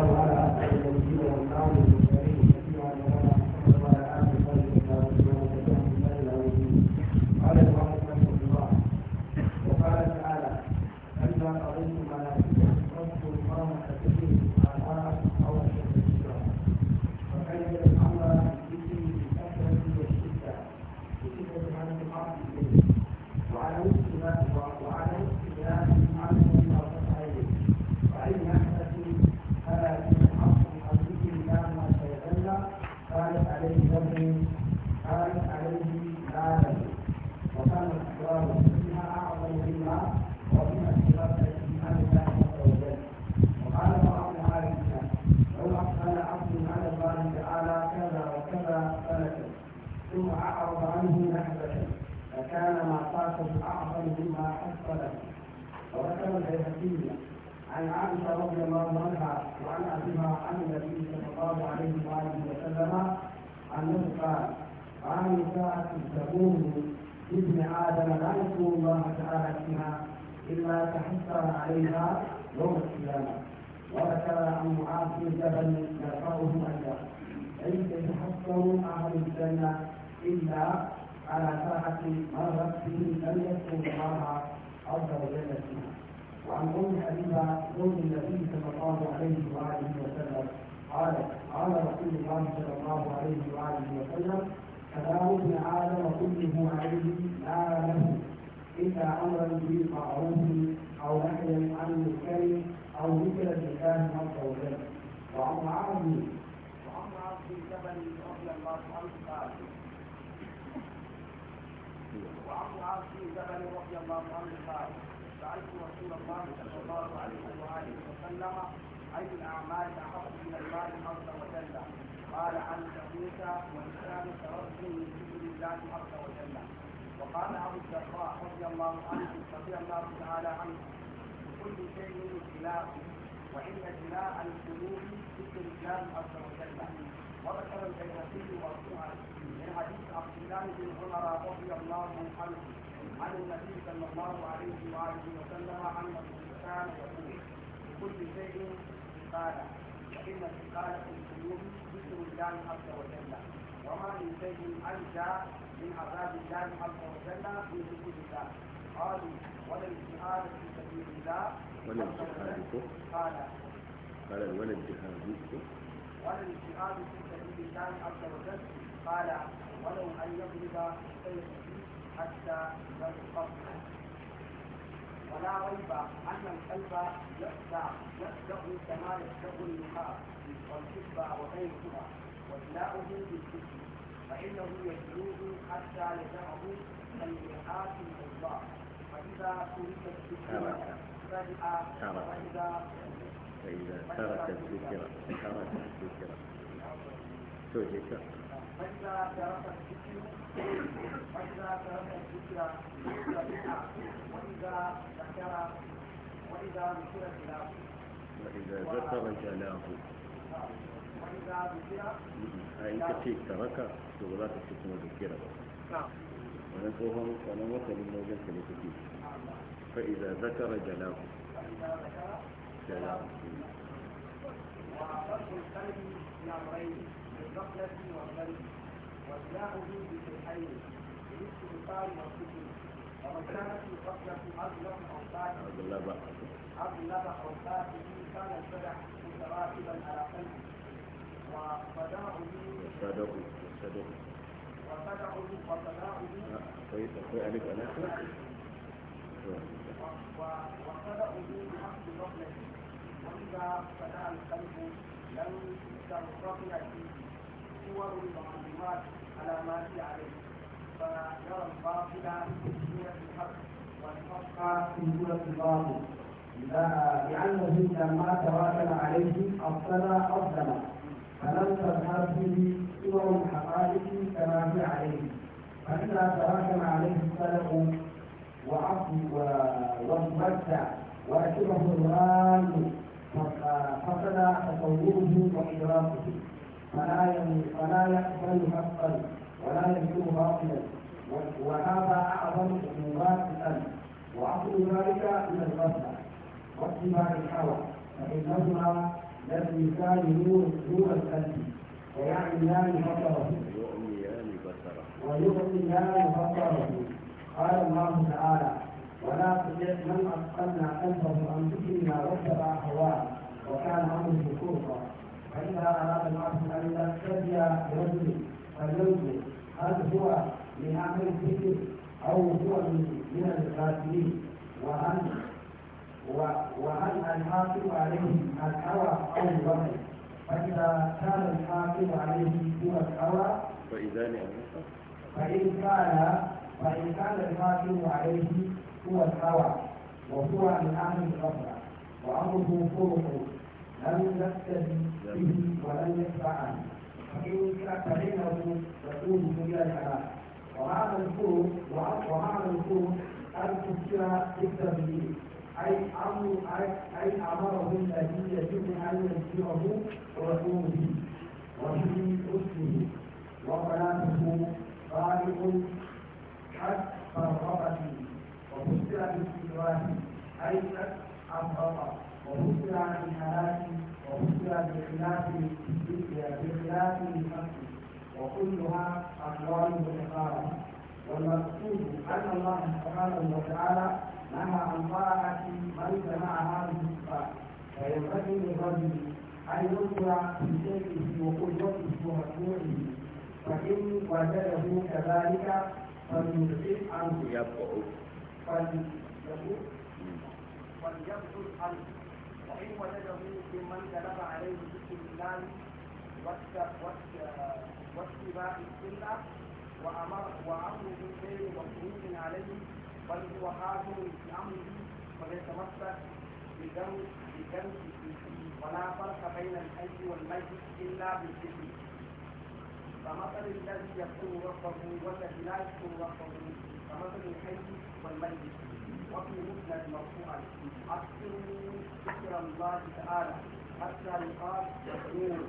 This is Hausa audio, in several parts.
Bye. أعظم مما حصل وذكر البيهقي عن عائشة رضي الله عنها وعن أبيها عن النبي صلى الله عليه وآله وسلم أنه قال عن ساعة تقوم ابن آدم لا يذكر الله تعالى فيها إلا تحسر عليها يوم القيامة وذكر عن معاذ بن جبل يرفعه أنه ليس يتحسر أهل الجنة إلا على ساعة مرت به لم يذكر الله عز وجل فيها وعن أم حبيبة قول النبي صلى الله عليه وآله وسلم قال قال رسول الله صلى الله عليه وآله وسلم كلام ابن آدم كله عليه لا له إلا أمرا معروف أو نهيا عن منكر أو ذكر لله عز وجل وعن معاذ وعن معاذ بن جبل رضي الله عنه قال وعبد العاص بن جبل رضي الله عنه قال سألت رسول الله صلى الله عليه وآله وسلم أي الأعمال أحب من الله عز وجل قال أن تكون ولسانك رد من ذكر الله عز وجل وقال أبو الدرداء رضي الله عنه رضي الله تعالى عنه كل شيء ابتلاء وإن جلاء القلوب ذكر الله عز وجل وذكر البيهقي مرفوعا من حديث عبد الله بن عمر رضي الله عنه عن النبي صلى الله عليه واله وسلم انه كان يقول لكل شيء قال فان استقاله القلوب ذكر الله عز وجل وما من شيء انجى من عذاب الله عز وجل في ذكر الله قالوا ولا الاجتهاد في سبيل الله ولا الاجتهاد قال قال ولا في سبيل الله قال الاجتهاد في سبيل الله عز وجل قال ولو ان يضرب سيف حتى ينقص ولا ريب ان الكلب يخدع يخدع كما يخدع النخاع والكذب وغيرهما وابناؤه بالكذب فانه يجلوه حتى يدعه كالميقات الله فاذا تركت بالكذب فجاء واذا فإذا ترك الذكر ترك الذكر توجد فإذا فإذا ترك الذكر وإذا ذكر وإذا ذكر كلامه وإذا ذكر كلامه وإذا ذكر أي تشيك ترك شغلات الشيك مذكرة نعم ونقوهم ونوصل الموجة فإذا ذكر جلاه وإذا ذكر سلام وعقده القلب لأمرين بالغفلة والقلب وسلاحه بالسلحين بنصف الطار والسكن ومن كانت الغفلة أغلب أوقاته أغلب أوقاته كان الفرح متراكبا على قلبه وصدعه وصدعه وصدعه وصدعه أخوي ألف ألف وابتدأوا به بحسب غفلته وإذا ابتدأ القلب لم ترتقي فيه صور المعلومات على ما هي عليه فيرى الباطل من سورة الحق والحق من سورة الباطل لأن لأنه ما تواكل عليه أبطل أظلم فلم تذهب به صور الحقائق كما هي عليه فإذا تراكم عليه السلف والمتع وأشبه الغال فقد تصوره وإدراكه فلا فلا يقبل حقا ولا يكون باطلا وهذا أعظم الأنف وأصل ذلك من الغفلة واتباع الهوى فإنهما للإنسان نور نور القلب ويعميان بصره ويعميان بصره قال الله تعالى ولا تطع من اثقلنا قلبه عن ذكرنا واتبع هواه وكان امره فرطا فاذا اراد العبد ان يقتدي برجل فلينظر هل هو من اهل الذكر او هو من الغافلين وان وان الحاكم عليه الهوى او الوحي فاذا كان الحاكم عليه هو الهوى فاذا نعم. فان كان فإن كان الحاكم عليه هو الهوى وهو من أهل الغفلة وأمره فرق لم يقتدي به ولم يدفع عنه فإنه يقود في الحلال وهذا الخلق وهذا الخلق أن تفسر بالتبليغ أي أمر أي أمره الذي يجب أن ويكون به وفي رسله وقناته خالق وكلها أقوال متقاربة والمقصود أن الله سبحانه وتعالى نهى عن طاعة من سمع هذه الصفات فينبغي للرجل أن يطلع في شيخه وقدرته ومشروعه فإن وجده كذلك فليصيب عنه فليصيب فليبعد عنه وإن وجده ممن تلقى عليه بسم الله واتباع السنة وأمر وأمر غير مفروض عليه بل هو حاكم في أمره فليتمسك بدم بدم ولا فرق بين الحي والميت إلا بالذكر فمثل الذي يكون ربه والذي لا يكون ربه كمثل الحي والميت وفي مثل المرفوع أكثر ذكر الله تعالى حتى يقال نور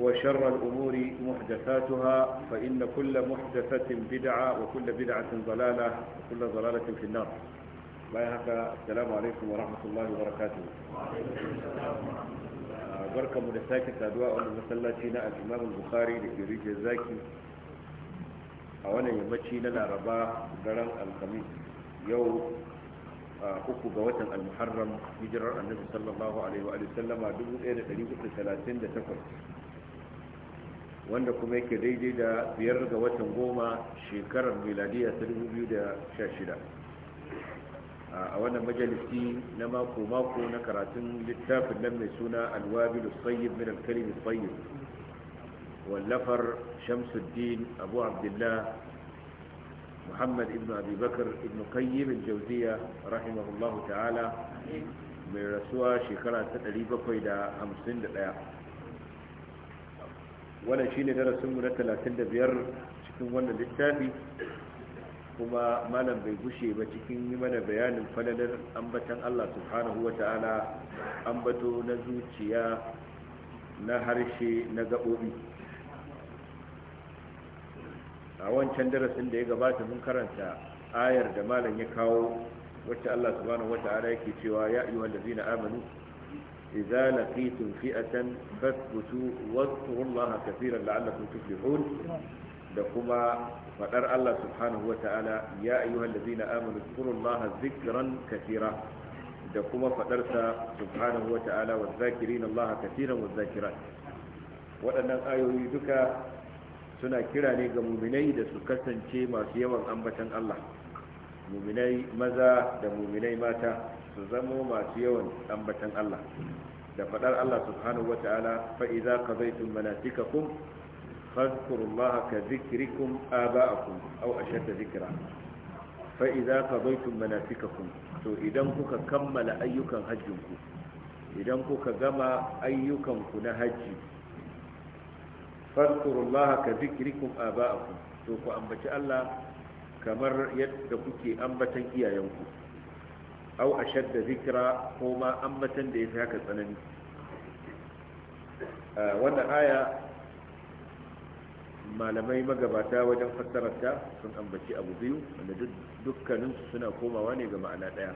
وشر الأمور محدثاتها فإن كل محدثة بدعة وكل بدعة ضلالة وكل ضلالة في النار بايهك السلام عليكم ورحمة الله وبركاته آه، بركة مدساكة أدواء شيناء الإمام البخاري لكيريج الزاكي أولا يمتشي لنا رباء درن الخميس يوم uku ga watan almuharram hijirar annabi sallallahu alaihi wa sallama 1338 wanda kuma yake daidai da biyar ga watan goma shekarar miladiya ta 2016 a wannan majalisi na mako-mako na karatun littafin nan mai suna alwabilu tsayyib min alkalimin tsayyib wallafar shamsuddin abu abdullah muhammad ibn abubakar ibn qayyim jauziya jawziya rahimahullahu ta'ala mai rasuwa shekara ta 751 wannan shine darasinmu na 35 cikin wannan littafi kuma malam bai gushe ba cikin yi mana bayanin falalar ambatan Allah subhanahu wa ta'ala ambato na zuciya na harshe na gaɓoɓi a wancan darasin da ya gabata mun karanta ayar da malam ya kawo wacce Allah subhanahu wa ta'ala yake cewa ya ayyuhal zina amanu إذا لقيتم فئة فاثبتوا واذكروا الله كثيرا لعلكم تفلحون لكما فقر الله سبحانه وتعالى يا أيها الذين آمنوا اذكروا الله ذكرا كثيرا لكما فقرت سبحانه وتعالى والذاكرين الله كثيرا والذاكرات وأن الآية duka suna kira ne ga muminai da su kasance masu yawan ambatan Allah muminai maza da muminai mata su zamo masu yawan ambatan Allah da faɗar Allah subhanahu wa ta'ala fa'iza ka fa idza qadaytum manasikakum fadhkuru Allah ka kun kun, a a au dhikrikum zikira. Fa'iza ka dhikra tun mana qadaytum kun, to idan kuka kammala ayyukan hajjinku idan kuka gama ayyukanku na hajji fadhkuru Allah ka dhikrikum kun, to ku ambaci Allah kamar yadda kuke ambatan iyayenku au ashadda zikira ko ma ambatan da fi haka tsanani wannan aya malamai magabata wajen fassararta sun ambaci abu biyu wanda dukkaninsu suna komawa ne ga ma'ana ɗaya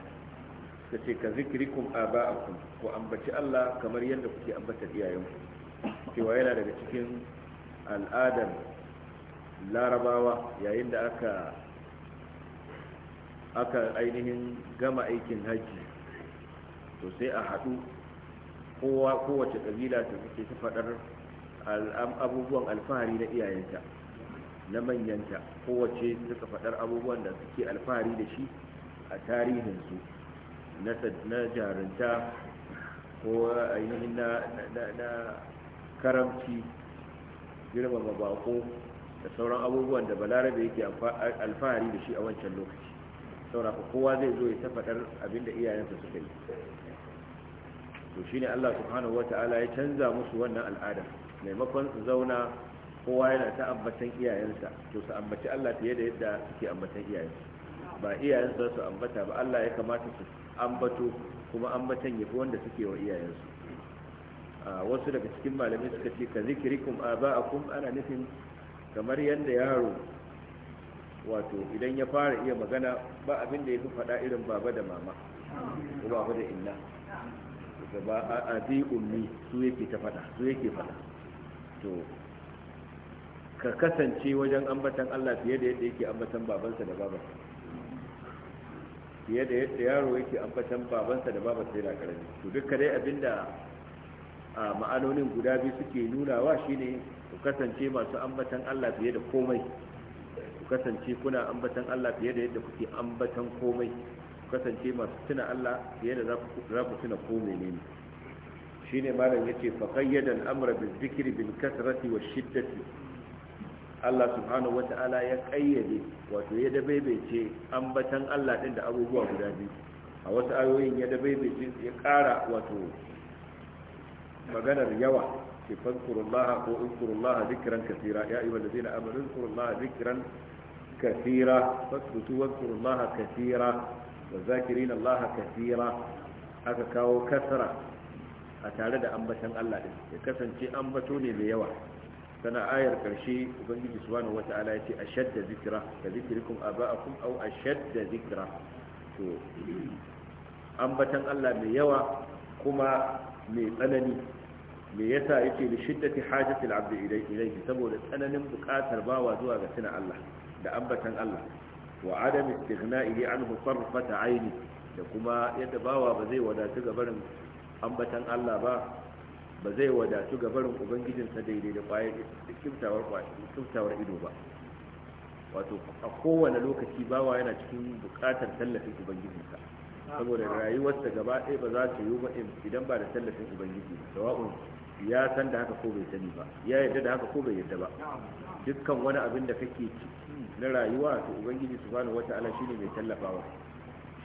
suka ce ka zikirikum aba'akum ku ambaci Allah kamar yadda kuke ambatar iyayenku cewa yana daga cikin al'adar larabawa yayin da aka aka ainihin gama aikin hajji to sai a haɗu kowa kowace ƙabila ta suke ta faɗar abubuwan alfahari na iyayenta na manyanta kowace suka faɗar abubuwan da suke alfahari da shi a tarihinsu na jarinta ko ainihin na karamci girmama bako da sauran abubuwan da balarabe yake alfahari da shi a wancan lokaci sauraka kowa zai zo ya ta faɗar abinda iyayensa suka yi to shine Allah subhanahu wata'ala ya canza musu wannan al'ada maimakon su zauna kowa yana ta ambatan iyayensa to su ambaci Allah fiye da yadda suke ambatan iyayensa ba iyayensa su ambata ba Allah ya kamata su ambato kuma ambatan yafi wanda suke wa iyayensu wasu daga cikin malamai suka ce ka zikirikum aba'akum ana nufin kamar yadda yaro wato idan ya fara iya magana ba abin da ya fi faɗa irin baba da mama ko baba da inna da ba a bi ummi su yake ta faɗa su yake faɗa to ka kasance wajen ambatan Allah fiye da yadda yake ambatan babansa da baba fiye da yadda yaro yake ambatan babansa da sai yana karami to duk dai abinda a ma'anonin guda biyu suke nuna shi shine ku kasance masu ambatan Allah fiye da komai kasance kuna ambatan Allah fiye da yadda kuke ambatan komai kasance masu tuna Allah fiye da za ku tuna komai ne. Shi ne malam yace fa qayyada al-amra bil dhikri bil wa wash shiddati Allah subhanahu wata'ala ya ƙayyade wato ya dabaibaice ambatan Allah ɗin da abubuwa guda biyu a wasu ayoyin ya dabaibaice ya ƙara wato maganar yawa ke Fankurullaha ko inkurullaha zikiran kaseera ya yi ayyuhallazina amurin inkurullaha zikiran. كثيرة فاثبتوا واذكروا الله كثيرا والذاكرين الله كثيرا aka kawo kasara a tare da ambatan Allah din ya kasance ambato ne mai yawa sana ayar karshe ubangiji subhanahu wataala yace ashadda zikra ka zikrikum aba'akum aw ashadda zikra to ambatan Allah mai yawa kuma mai tsanani me yasa yake da shiddati hajatil abdi ilayhi saboda tsananin bukatar bawa zuwa ga tuna Allah da ambatan Allah wa adam istighna'ihi anhu sarfata aini da kuma yadda bawa ba zai wadatu ga barin ambatan Allah ba ba zai wadatu ga barin ubangijinsa daidai da kwayar kimtawar ido ba wato a kowane lokaci bawa yana cikin bukatar tallafin ubangijinsa saboda rayuwarsa gaba ɗaya ba za ta yi ba idan ba da tallafin ubangiji sawa'un ya san da haka ko bai sani ba ya yarda da haka ko bai yadda ba dukkan wani abin da kake na rayuwa to ubangiji su bani shine mai tallafawa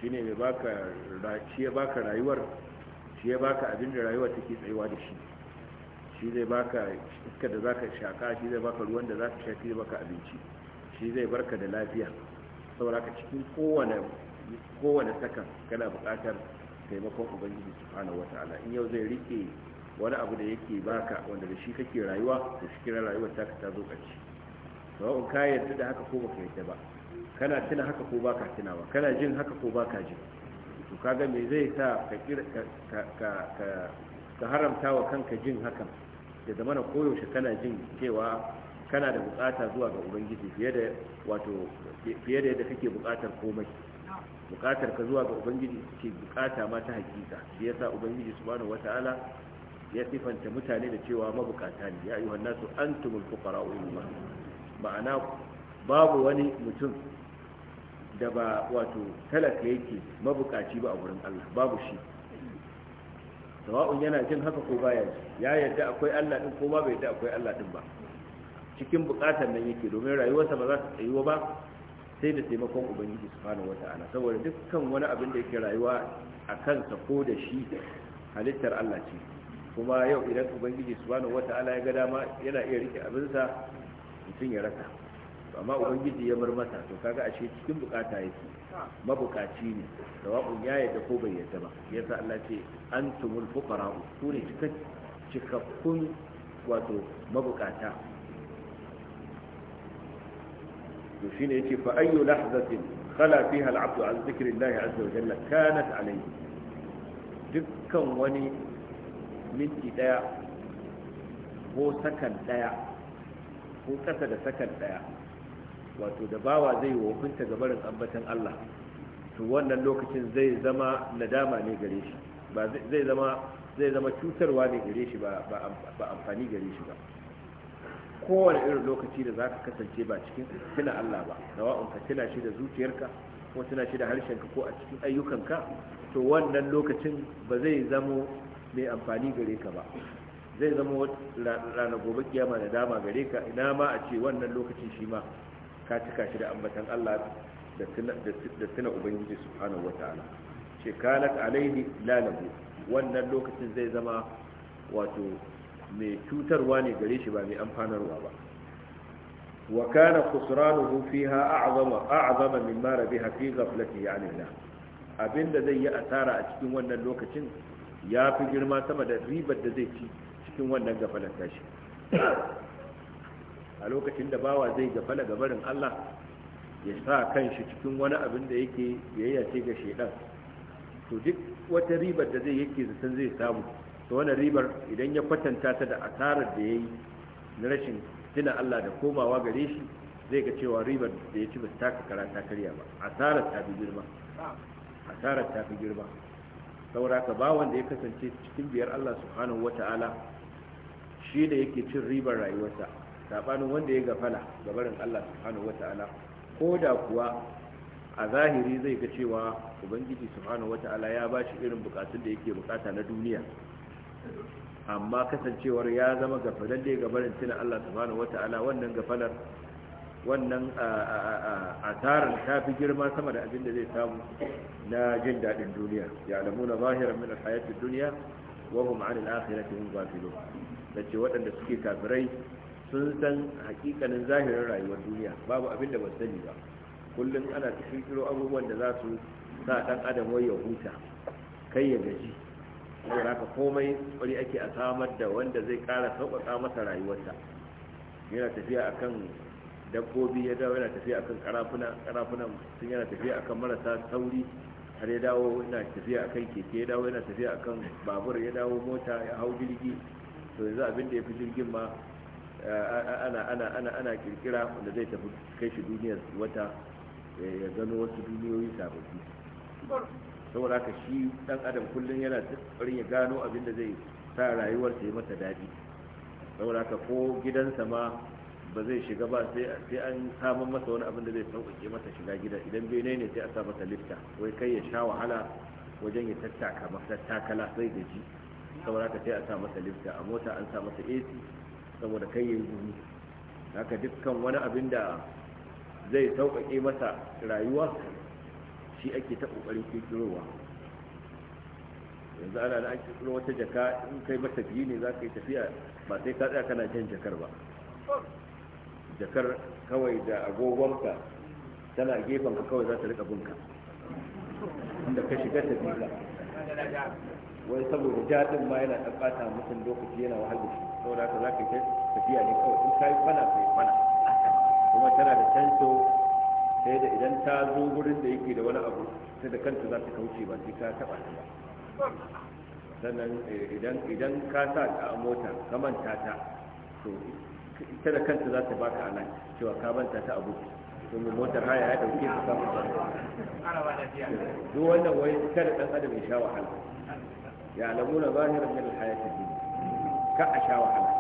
ne mai tallafawa shi ya baka rayuwar shi ya baka abin da rayuwar take tsayuwa da shi shi zai baka iska da zaka shaka shi zai baka ruwan da zaka sha shafi zai baka abinci shi zai barka da lafiya saboda haka cikin kowane kowane sakan kana buƙatar taimakon ubangiji subhanahu wata'ala in yau zai rike wani abu da yake baka wanda da shi kake rayuwa da shi kira rayuwar taka ta zo ƙarshe sawa'un ka yarda da haka ko baka yarda ba kana tuna haka ko baka tunawa kana jin haka ko baka jin to kaga me zai sa ka ka ka ka haramta wa kanka jin hakan da zama na koyaushe kana jin cewa kana da bukata zuwa ga ubangiji fiye da wato fiye da yadda kake bukatar komai bukatar ka zuwa ga ubangiji ke bukata ma ta hakika shi yasa ubangiji subhanahu wataala ya sifanta mutane da cewa mabukata ne ya ayyuhan nasu antumul fuqara'u ilallah ma'ana babu wani mutum da ba wato talaka yake mabukaci ba a wurin Allah babu shi sawa'un yana jin haka ko baya ji ya yarda akwai Allah din ko ba bai yarda akwai Allah din ba cikin bukatar nan yake domin rayuwarsa ba za ta tsayuwa ba sai da taimakon ubangiji subhanahu wata'ala saboda dukkan wani abin da yake rayuwa a kansa ko da shi halittar Allah ce kuma yau idan ubangiji subhanahu wata'ala ya ga dama yana iya rike abinsa mutum ya rasa amma ubangiji ya bar masa to kaga ashe cikin bukata yake mabukaci ne sawa'un ya yadda ko bai yadda ba yasa Allah ce antumul fuqara ku ne cikakkun wato mabukata to shine yace fa ayyu lahzatin khala fiha al-'abdu 'an dhikrillahi 'azza wa jalla kanat alayhi dukkan wani minti daya ko sakan daya ko kasa da sakan daya wato da bawa zai wa hukunta ga barin ambatan Allah to wannan lokacin zai zama nadama ne gare shi ba zai zama zai zama cutarwa ne gare shi ba amfani gare shi ba kowane irin lokaci da zaka kasance ba cikin tuna Allah ba sawa'un ka tuna shi da zuciyarka ko tuna shi da harshenka ko a cikin ayyukanka to wannan lokacin ba zai zamo mai amfani gare ka ba zai zama rana gobe kiyama da dama gare ka ina ma a ce wannan lokacin shi ma ka cika shi da ambatan Allah da tuna ubangiji subhanahu wataala ce kanat alaihi lalahu wannan lokacin zai zama wato mai cutarwa ne gare shi ba mai amfanarwa ba wa kana khusranuhu fiha a'zama a'zama mimma rabiha fi ghaflatihi 'an Allah abinda zai yi asara a cikin wannan lokacin ya fi girma sama da ribar da zai ci cikin wannan gafalar tashi a lokacin da bawa zai gafala gabarin Allah ya sa kanshi cikin wani abin da yake biyayya ce ga shedan to duk wata ribar da zai yake zaton zai samu to wannan ribar idan ya kwatanta ta da asarar da yayi na rashin tuna Allah da komawa gare shi zai ga cewa ribar da ya ci ba ta karanta karya ba asarar ta fi girma asarar ta fi girma saboda ka bawon da ya kasance cikin biyar Allah subhanahu wata'ala shi da yake cin ribar rayuwarsa sabanin wanda ya gafala ga barin Allah subhanahu wata'ala ko da kuwa a zahiri zai ga cewa ubangiji subhanahu wata'ala ya ba shi irin bukatun da yake bukata na duniya amma kasancewar ya zama da ga barin tunan Allah subhanahu wata'ala wannan gafalar wannan asarar ta fi girma sama da abin da zai samu na jin daɗin duniya ya alamu na zahirar min alhayatun duniya wa kuma an al'akhirati hum ghafilun da ce waɗanda suke kafirai sun san hakikanin zahirin rayuwar duniya babu abin da ba sani ba kullum ana cikin kirkiro abubuwan da za su sa ɗan adam wai ya huta kai ya gaji saboda haka komai wani ake a samar da wanda zai ƙara sauƙaƙa masa rayuwarsa yana tafiya akan dabbobi ya dawo yana tafiya akan karafuna karafuna sun yana tafiya akan marasa sauri har ya dawo yana tafiya akan keke ya dawo yana tafiya akan babur ya dawo mota ya hau jirgi to yanzu abin da ya fi jirgin ma eh, ana ana kirkira wanda zai tafi kai shi duniyar wata eh, ya gano wasu duniyoyi sababbi saboda haka shi dan adam kullum yana tsarin ya gano abin da zai sa ta yi mata daɗi saboda haka ko gidansa ma ba zai shiga ba sai an samun masa wani abin da zai sauƙaƙe masa shiga gida idan bene ne sai a sa masa lifta wai kai ya sha wahala wajen ya tattaka masa takala sai gaji saboda ka sai a sa masa lifta a mota an sa masa ac saboda kai yayi gumi haka dukkan wani abin da zai sauƙaƙe masa rayuwa shi ake ta ƙoƙarin kirkirowa yanzu ana da ake tsoro wata jaka in kai masa biyu ne za ka yi tafiya ba sai ka tsaya kana jan jakar ba jakar kawai da agogonka tana gefen ka kawai za ta rika bunka inda ka shiga tafiya wai saboda jadin ma yana ɗan ɓata mutum lokaci yana wahal shi saboda haka za ka kai tafiya ne kawai in ka yi fana ka yi kuma tana da canto sai da idan ta zo gurin da yake da wani abu sai da kanta za ta kauce ba sai ka taɓa ta ba sannan eh, idan idan ka sa ta a mota ka manta ta to ita da kanta za ta baka anan cewa ka manta ta abu domin motar haya ya ɗauke ka samu duk wannan wai kada ɗan adam ya sha wahala ya'lamuna zahiran min al-hayati dunya ka a sha wahala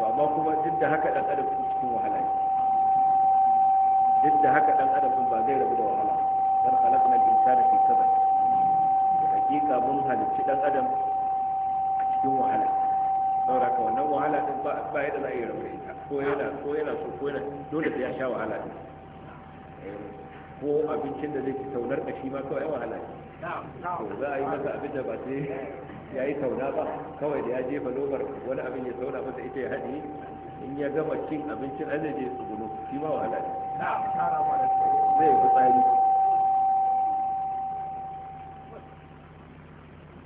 to amma kuma duk da haka dan adam cikin wahala ne duk da haka dan adam ba zai rabu da wahala dan khalaqna al-insana fi Da hakika mun halicci dan adam a cikin wahala saboda ka wannan wahala din ba ba yadda za a yi rabu da ita ko yana ko yana so ko yana dole sai ya sha wahala din ko abincin da zai taunar da shi ma kawai wahala ne za a yi masa abin da ba sai ya yi tauna ba kawai da ya jefa nobar wani abin ya tauna masa ita ya haɗe in ya gama cin abincin an zai je tsugunu shi ma wahala ne zai fi tsari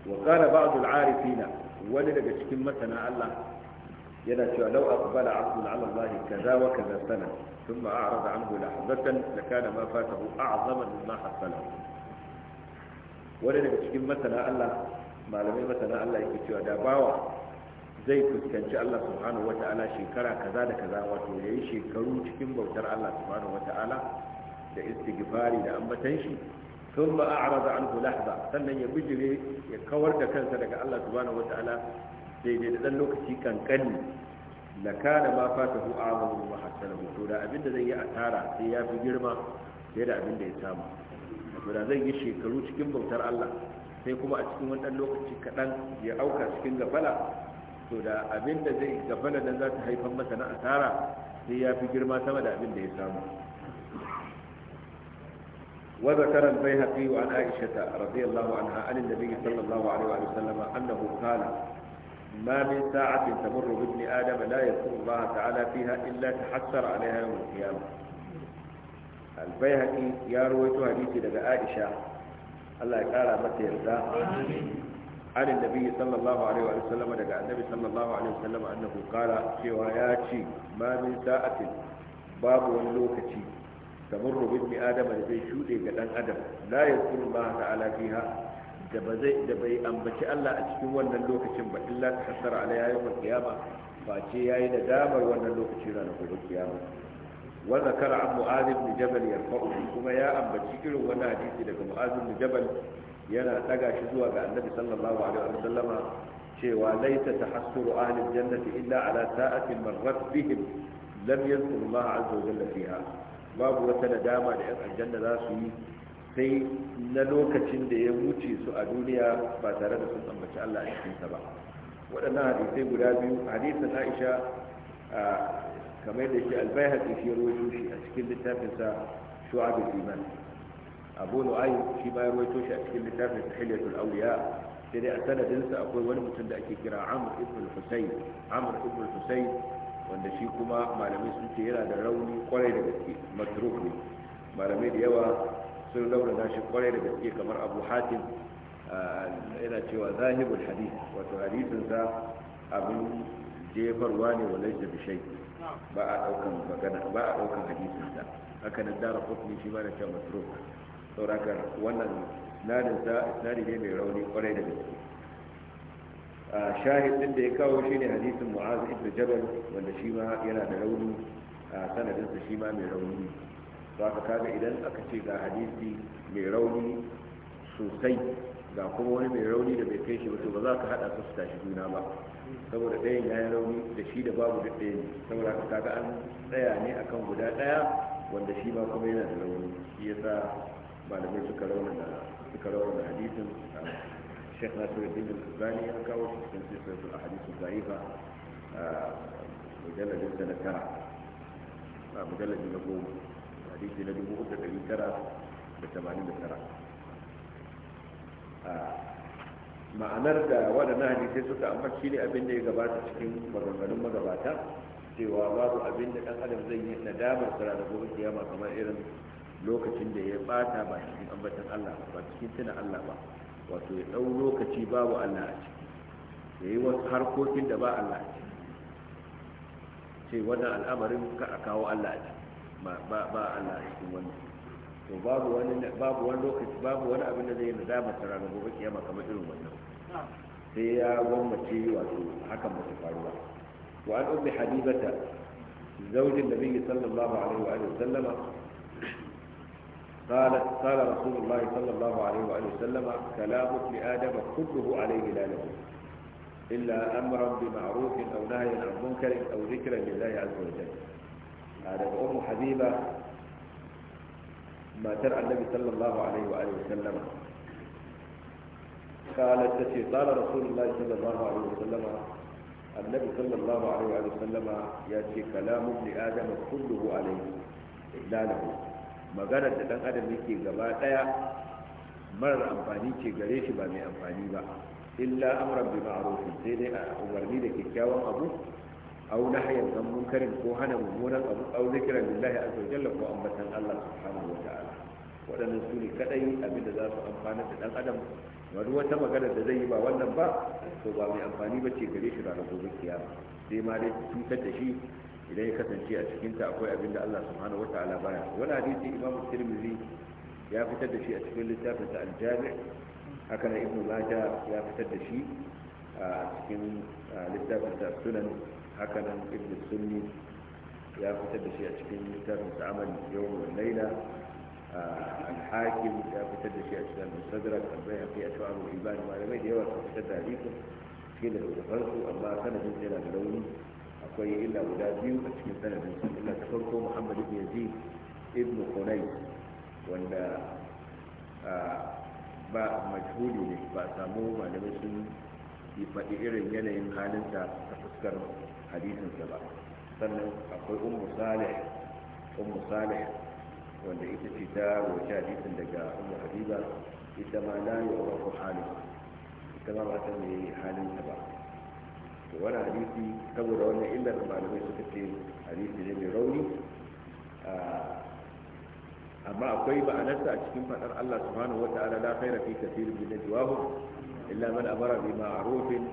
wa qala ba'd al-arifina wani daga cikin masana Allah yana cewa law aqbala 'abdu 'ala Allah kaza wa kaza sana thumma a'rada 'anhu lahzatan lakana ma fatahu a'zama mimma hasala wani daga cikin masana Allah malamai masana Allah yake cewa da bawa zai fuskanci Allah subhanahu wata'ala shekara kaza da kaza wato yayi shekaru cikin bautar Allah subhanahu wata'ala da istighfari da ambatan shi a أعرض عنه lahza. sannan ya bijire ya kawar da kansa daga Allah subhanahu wataala daidai da dan lokaci kankani la kana ma fatahu a'zamu wa hasanahu to da abinda zai yi asara sai ya fi girma sai da abin da ya samu da zai yi shekaru cikin bautar Allah sai kuma a cikin wani lokaci kaɗan ya auka cikin gabala to da abin da zai gabala don za ta haifan masa na asara sai ya fi girma sama da abin da ya samu wadda karan bai haƙi wa an aisha ta rabbi allahu an ha'anin da bigi sallallahu alaihi wa sallama an da hukala ma min sa'atin tamurru bin adam la yakun allah ta'ala fiha illa ta hassara alaiha yawon kiyama albayhaqi ya rawaito hadisi daga aisha Allah ya kara mata yarda da biyu, sallallahu alaihi wa sallam daga annabi sallallahu alaihi wa sallam annahu qala cewa ya ce ma min sa'atin babu wani lokaci kamar rubin bi adama da zai shuɗe ga ɗan adam la ya kuru ma Ala fiha da ba zai da bai ambaci Allah a cikin wannan lokacin ba illa ta kasar ala yayin kiyama face yi da damar wannan lokacin ranar gobe kiyama wa zakara an mu'adh ibn jabal kuma ya ambaci irin wannan hadisi daga mu'adh Nijabar jabal yana daga shi zuwa ga annabi sallallahu alaihi wa sallama cewa laita tahassuru ahli jannati illa ala sa'atin min bihim lam yadhkur Allah azza wa jalla fiha babu wata nadama da yan aljanna za su yi sai na lokacin da ya wuce su a duniya ba tare da sun ambaci Allah a sa ba waɗannan hadisai guda biyu hadisin Aisha kamar yadda shi albayhaqi shi rawaito shi a cikin littafinsa sa shu'abul iman abu nu'aym shi ma rawaito shi a cikin littafin hilyatul awliya sai dai a sanadin sa akwai wani mutum da ake kira amr ibn husayn amr ibn husayn wanda shi kuma malamai sun ce yana da rauni kwarai da gaske matruk ne malamai da yawa sun raunana shi kwarai da gaske kamar abu hatim yana cewa zahibul hadith wato hadisin sa abin jefarwa ne walai da bishai ba a daukan magana ba a daukan hadisin sa haka nan dara kutni shi ma na ta masruf sauraka wannan isnadin sa isnadi ne mai rauni kwarai da gaske shahid din da ya kawo shi ne hadisin mu'az ibn jabal wanda shi ma yana da rauni sanadin sa shi ma mai rauni to haka kaga idan aka ce ga hadisi mai rauni sosai ga kuma wani mai rauni da bai kai shi ba to ba za ka hada su su tashi juna ba saboda ɗayan ya yi rauni da shi da babu duk ɗaya saboda haka kaga an tsaya ne akan guda ɗaya wanda shi ma kuma yana da rauni shi yasa malamai suka rauna da suka rauna da hadisin Sheikh Nasiruddin al zani ya kawo shi cikin sisar ahadisu zaifa mujalladin da na tara a mujalladin na goma hadisi na dubu uku da ɗari tara da tamanin da tara ma'anar da waɗannan hadisai suka amma shi ne abin da ya gabata cikin maganganun magabata cewa babu abin da ɗan adam zai yi damar sa da gobe kiyama kamar irin lokacin da ya bata ba cikin ambatan Allah ba cikin tuna Allah ba wato ya ɗau lokaci babu Allah a ciki ya yi wasu harkokin da ba Allah a ciki ce wannan al'amarin ka a kawo Allah a ciki ba Allah a cikin wannan to babu wani babu wani lokaci babu wani abin da zai nadama ta ranar gobe kiyama kamar irin wannan sai ya gwammace wato hakan ba su faru ba wa an ummi habibata zaujin nabi sallallahu alaihi wa sallama قالت قال رسول الله صلى الله عليه وآله وسلم كلام ابن آدم كله عليه لا له إلا أمرا بمعروف أو نهي عن منكر أو ذكرا لله عز وجل هذا أم حبيبة matar annabi sallallahu alaihi wa alihi wasallam قالت تشي قال رسول الله صلى الله عليه وسلم النبي صلى الله عليه وآله وسلم يأتي كلام ابن آدم كله عليه إلا da dan adam yake gaba daya marar amfani ce gare shi ba mai amfani ba illa amran bi ma'ruf sai dai a umarni da kyakkyawan abu aw nahyan an karin ko hana mummunan abu aw zikran lillahi azza wa jalla ko ambatan Allah subhanahu wa ta'ala waɗannan su ne kadai abin da za su amfana da dan adam wani wata da zai yi ba wannan ba to ba mai amfani ba ce gare shi ranar gobe a, sai ma dai cutar da shi idan ya kasance a cikinta akwai abin da Allah subhanahu wa baya wani hadisi imam tirmidhi ya fitar da shi a cikin littafin aljami haka na ibnu ya fitar da shi a cikin littafin haka nan ibn sunni ya fitar da shi a cikin littafin sa amal yawmul laila al ya fitar da shi a cikin musadrak al-bayhaqi a tawabu ibad malamai da yawa ta fitar da hadisin cikin da rubutu amma sanadin yana da rauni akwai illa guda biyu a cikin sanadin sun illa ta farko muhammad ibn yazid ibn qunay wanda ba majhuli ne ba samu malamai sun yi faɗi irin yanayin halinsa ta fuskar hadisinsa ba sannan akwai ummu salih ummu salih wanda ita ce ta roci hadisin daga ummu habiba ita ma la yu'rafu halin ita ma ba ta mai halin ta ba to wannan hadisi saboda wannan illar malamai suka ce hadisi ne mai rauni amma akwai ba'anarsa a cikin fadar Allah subhanahu wa Ta'ala la khaira fi kathirin min najwahum illa man amara bi ma'rufin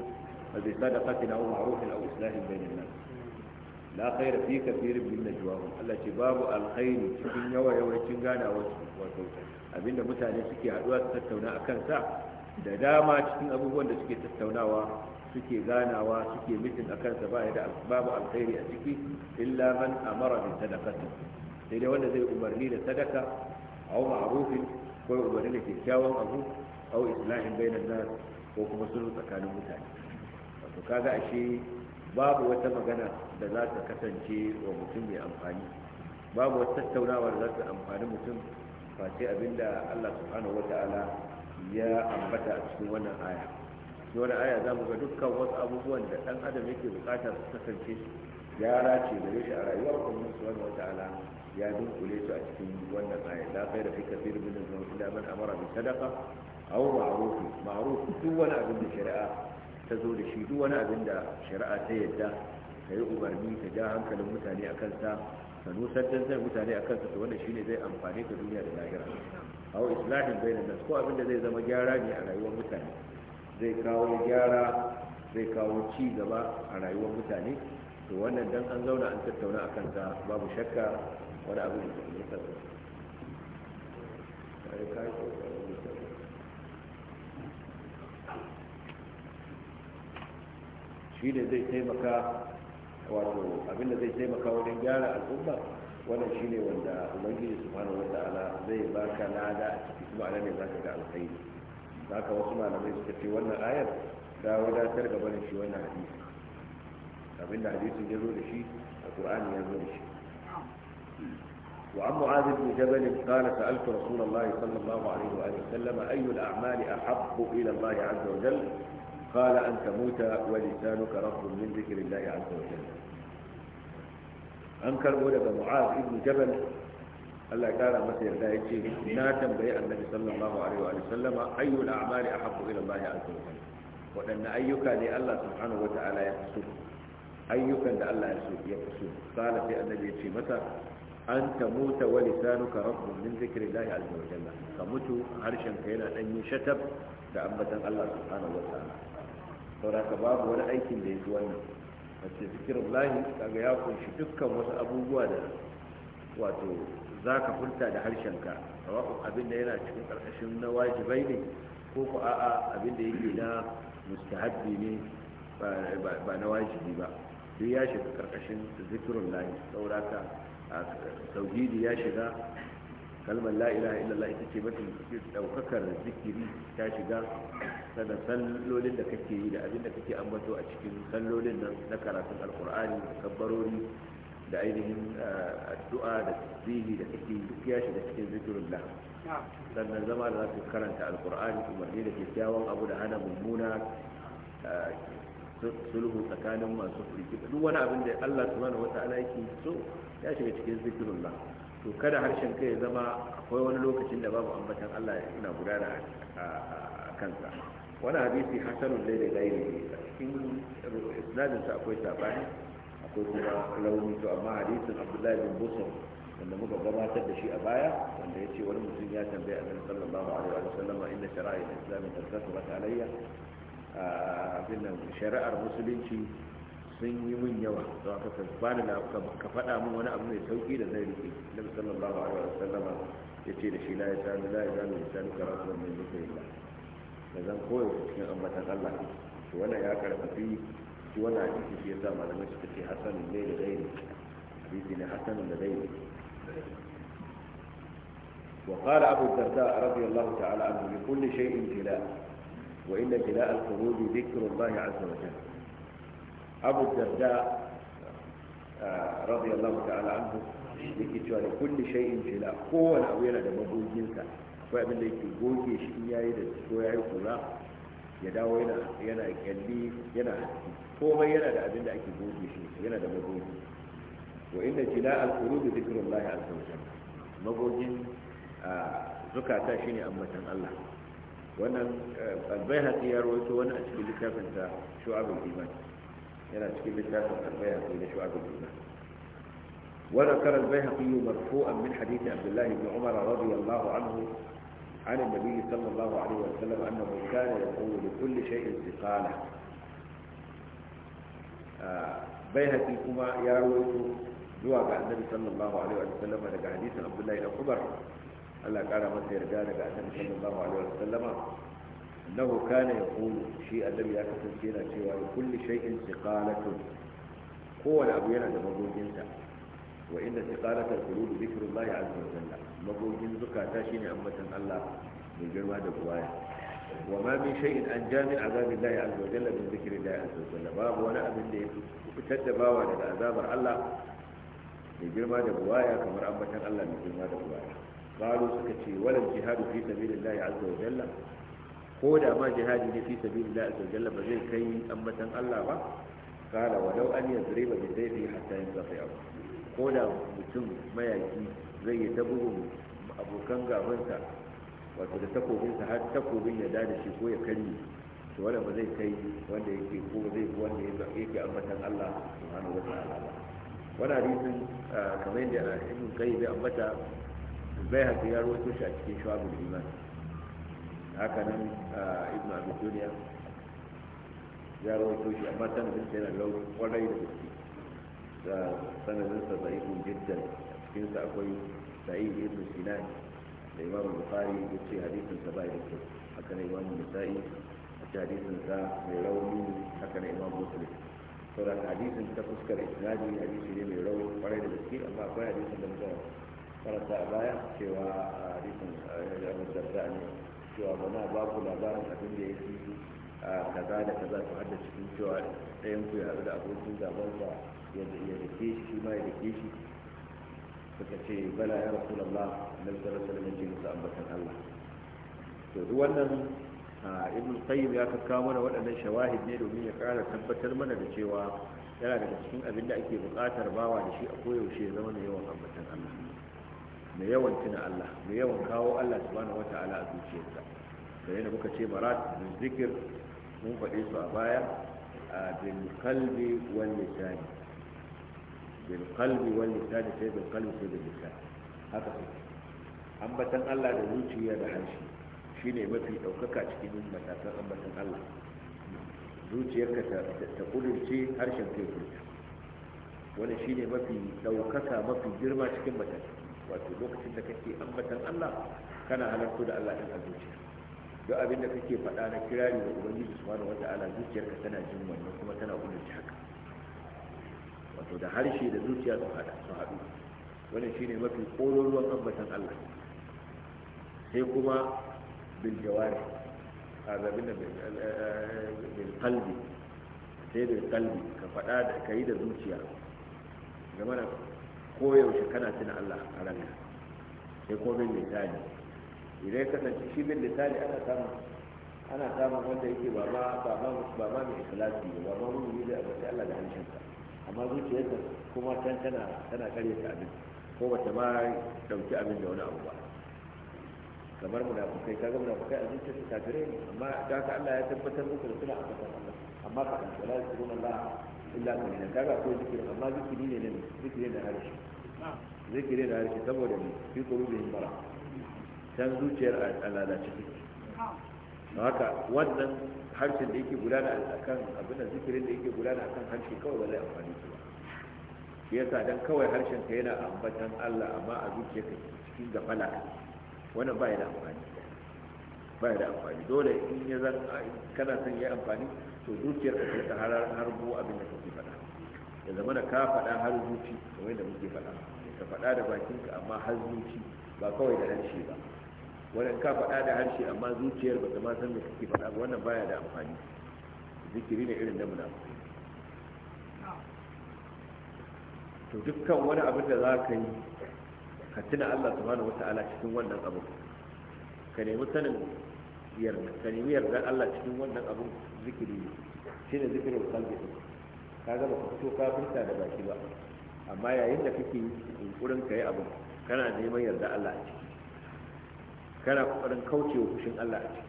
صدقة أو معروف أو إصلاح بين الناس لا خير في كثير من نجواهم التي باب الخير cikin يوى يوى gana wasu wato abinda mutane suke haduwa su tattauna akan da dama cikin abubuwan da suke tattaunawa suke ganawa suke mitin akan sa ba da babu alkhairi a ciki illa man amara bi sadaqati sai dai wanda zai umarni da sadaka aw ma'rufin ko umarni da kyakkyawan abu aw islahin bainan nas ko kuma sulhu tsakanin mutane to kaga ashe babu wata magana da za ta kasance wa mutum mai amfani babu wata tattaunawa da za ta amfani mutum face abinda Allah subhanahu wata'ala ya ambata a cikin wannan aya cikin wannan aya za mu ga dukkan wasu abubuwan da dan adam yake bukata su kasance gyara race gare shi a rayuwar Allah subhanahu wata'ala ya dunkule su a cikin wannan aya la khaira fi kathirin min al-zawj illa man amara bi sadaqa aw ma'ruf ma'ruf duk wani abin da shari'a ta zo da shi duk wani abin da shari'a ta yadda ka yi umarni ka ja hankalin mutane a kansa ka nusar da zai mutane a kansa to wanda shine zai amfani ka duniya da lahira hau islahin bai nan ko abin da zai zama gyara ne a rayuwar mutane zai kawo gyara zai kawo ci gaba a rayuwar mutane to wannan dan an zauna an tattauna a kansa babu shakka wani abin da zai shi ne zai taimaka wato abinda zai taimaka gyara al'umma wannan shi ne wanda ubangiji su fara wata ala zai baka lada a ciki kuma ala ne za ka ga alkhairi za ka wasu malamai suka ce wannan ayar ta wadatar gaba da shi wannan hadisi abinda hadisin ya zo da shi a ƙurani ya zo da shi وعن معاذ بن جبل قال سألت رسول الله صلى الله عليه وآله وسلم أي الأعمال أحب إلى الله عز وجل قال أن تموت ولسانك رب من ذكر الله عز وجل an karbo daga mu'az ibn jabal Allah ya kara masa yarda ya ce na tambayi annabi sallallahu alaihi wa sallama ayyul a'mali ahabbu ila Allah azza wa jalla wadanne ayyuka ne Allah subhanahu wa ta'ala ya fi ayyukan da Allah ya so ya fi so masa an tamuta wa lisanuka ka mutu harshen ka yana dan yin shatab da ambatan Allah wa ta'ala sauraka babu wani aikin da ya fi wannan wacce zikirin lahi kaga ya kunshi dukkan wasu abubuwa da wato za ka furta da harshenka sawa'un abin da yana cikin karkashin na wajibai ne ko ku a'a abinda yake na mustahabbi ne ba na wajibi ba duk ya shiga ƙarƙashin zikirin lahi sauraka tauhidi ya shiga kalmar la ilaha illallah ita ce mafi daukakar zikiri ta shiga sannan sallolin da kake yi da abin da kake ambato a cikin sallolin nan na karatun alkur'ani da kabbarori da ainihin eh, addu'a da tasbihi da kake duk ya shiga cikin zikirin da sannan zama da za zaka karanta alkur'ani umarni da kyakkyawan abu da hana mummuna eh, sulhu tsakanin masu firki duk wani abin da Allah subhanahu wata'ala yake so ya shiga cikin zikirin da. to kada harshen kai ya zama akwai wani lokacin da babu ambatan Allah yana gudana a kansa wani hadisi hasanun lai da gairi a cikin isnadin sa akwai sabani akwai kuma launi to amma hadisin Abdullahi bin Busr wanda muka gabatar da shi a baya wanda ya ce wani mutum ya tambaya annabi sallallahu alaihi wa sallam inda shari'a islamin tarkatu ba alayya abin nan shari'ar musulunci sun yi min yawa to aka ka bani na ka faɗa mun wani abu mai sauki da zai rike nabi sallallahu alaihi wasallama yace da shi la ya sanu la ya sanu ya sanu karatu mai zikrillah da zan koyo cikin ambatan Allah to wannan ya karfafi shi wannan hadisi shi yasa malamai suka ce hasan ne da gairi hadisi ne hasan da ne wa qala gairi وقال أبو الدرداء رضي الله تعالى عنه لكل شيء ابتلاء وإن ابتلاء الخروج ذكر 'azza wa jalla abu darda radiyallahu ta'ala anhu yake cewa da kulli shay'in jila kowane abu yana da magoginsa ko abin da yake goge shi in yayi da ko yayi kula ya dawo yana yana kyalli yana komai yana da abin da ake goge shi yana da magogi wa inna jila al-qulubi dhikrullahi azza wa jalla magogin zukata shine ambatan Allah wannan eh, albayhaqi ya rawaito wani a cikin littafin sa shu'abul iman yana cikin littafin al-bayhaqi da shu'ab al-iman وذكر البيهقي مرفوعا من حديث عبد الله بن عمر رضي الله عنه عن النبي صلى الله عليه وسلم أنه كان يقول لكل شيء استقالة بيهقي كما يروي zuwa ga annabi sallallahu alaihi wa sallam daga hadisin abdullahi da kubar Allah kara masa yarda daga annabi sallallahu alaihi wa sallama annahu kana yaqulu shi annabi ya kasance yana cewa li kulli shay'in siqalatu kowane abu yana da magoginsa wa inda siqalatul qulub zikrullahi azza wa jalla magogin zukata shine ambatan Allah mai girma da buwaya wa min shay'in an jami azabillahi azza wa jalla min zikrillahi azza wa jalla babu wani abin da ya fitar da bawa daga azabar Allah mai girma da buwaya kamar ambatan Allah mai girma da buwaya qalu suka ce wala jihadu fi sabilillahi ko da ma jihadi ne fi sabilillah azza jalla ba zai kai ambatan Allah ba kala walau an yazriba bi sayfi hatta yanzafi'a ko da mutum mayaki zai yi ta abokan gabansa wato da takobinsa har takobin ya dada shi ko ya karye to wanda ba zai kai wanda yake ko zai wanda yake ambatan Allah subhanahu wa ta'ala ba wani hadisin ah, kamar yadda ibn qayyim ya ambata bai haƙi ya shi a cikin shu'abul iman haka nan ibn abi duniya ya rawaito shi amma sanadin sa yana lauyi kwarai da gaske da sanadin sa da ibn jiddan cikin sa akwai sa'id ibn sinan da imam bukhari ya ce hadisin sa bai da kyau haka nan imam nisa'i a ce hadisin sa mai rauni haka nan imam muslim saboda hadisin ta fuskar isnadi hadisi ne mai rauni kwarai da gaske amma akwai hadisin da muka karanta a baya cewa hadisin ya zarta ne cewa bana ba ku labarin abin da yake a kaza da kaza ku hada cikin cewa ɗayan ku ya da abokin gabansa ya rike shi shi ma ya rike shi suka ce bala ya rasu Allah na zarar salama ce musu ambatan Allah to duk wannan ibn qayyim ya kawo mana waɗannan shawahid ne domin ya ƙara tabbatar mana da cewa yana daga cikin abin da ake buƙatar bawa da shi a koyaushe zama na yawan ambatan Allah mai yawan tuna Allah mai yawan kawo Allah subhanahu wata'ala a zuciyarsa da yana muka ce marat da zikir mun faɗe su a baya a bil qalbi wal lisan bil qalbi wal lisan sai bil qalbi sai bil lisan haka su ambatan Allah da zuciya da harshe shine mafi ɗaukaka cikin matakan ambatan Allah zuciyarka ta kudurce harshen kai furta wani shine mafi ɗaukaka mafi girma cikin matakan wato lokacin da kake ambatan Allah kana halarta da Allah din a zuciya duk abin da kake faɗa na kirari da ubangiji wata ala, zuciyarka tana jin wannan kuma tana gudunci haka wato da harshe da zuciya su haɗu su haɗu wannan shine mafi ƙororuwan ambatan Allah sai kuma bil jawari azabin bin eh, eh, qalbi sai bin qalbi ka faɗa da ka yi da zuciya game da ko yaushe kana tuna Allah a ranka sai ko bin misali idan ya kasance shi bin misali ana samun ana samun wanda yake ba ma ba ma ba ma mai ikhlasi ba ma mun yi da abaci Allah da sa amma zuciyarsa kuma can tana tana kare ta abin ko bata ma dauki abin da wani abu ba kamar mu munafukai kaga kai a ta kafirai ni amma da haka Allah ya tabbatar muku da suna a kasar Allah amma ka an tsala su kuma Allah illa ne kaga ko zikiri amma zikiri ne ne zikiri ne harshe zikiri da harshe saboda mai fi qulubihim bara can zuciyar ciki na haka wannan harshen da yake gudana akan abin da zikirin da yake gudana akan harshe kawai ba zai amfani su ba shi yasa dan kawai harshen ka yana ambatan Allah amma a ka cikin gafala wannan ba ya da amfani ba ya da amfani dole in ya zan kana son ya amfani to zuciyar ka ta harar harbo abin da kake faɗa ya zama da ka faɗa har zuci kamar da muke faɗa ka faɗa da bakinka amma har zuci ba kawai da harshe ba wannan ka faɗa da harshe amma zuciyar ba ma san da kake faɗa ba wannan baya da amfani zikiri ne irin na munafiki to dukkan wani abin da za ka yi ka tuna Allah subhanahu wata'ala cikin wannan abu ka nemi sanin yarda ka nemi yarda Allah cikin wannan abu zikiri ne shine zikirin kalbi ka ga ba ka fito ka furta da baki ba amma yayin da kake yunkurin ka yi abu kana neman yarda Allah a ciki kana kokarin kaucewa fushin Allah a ciki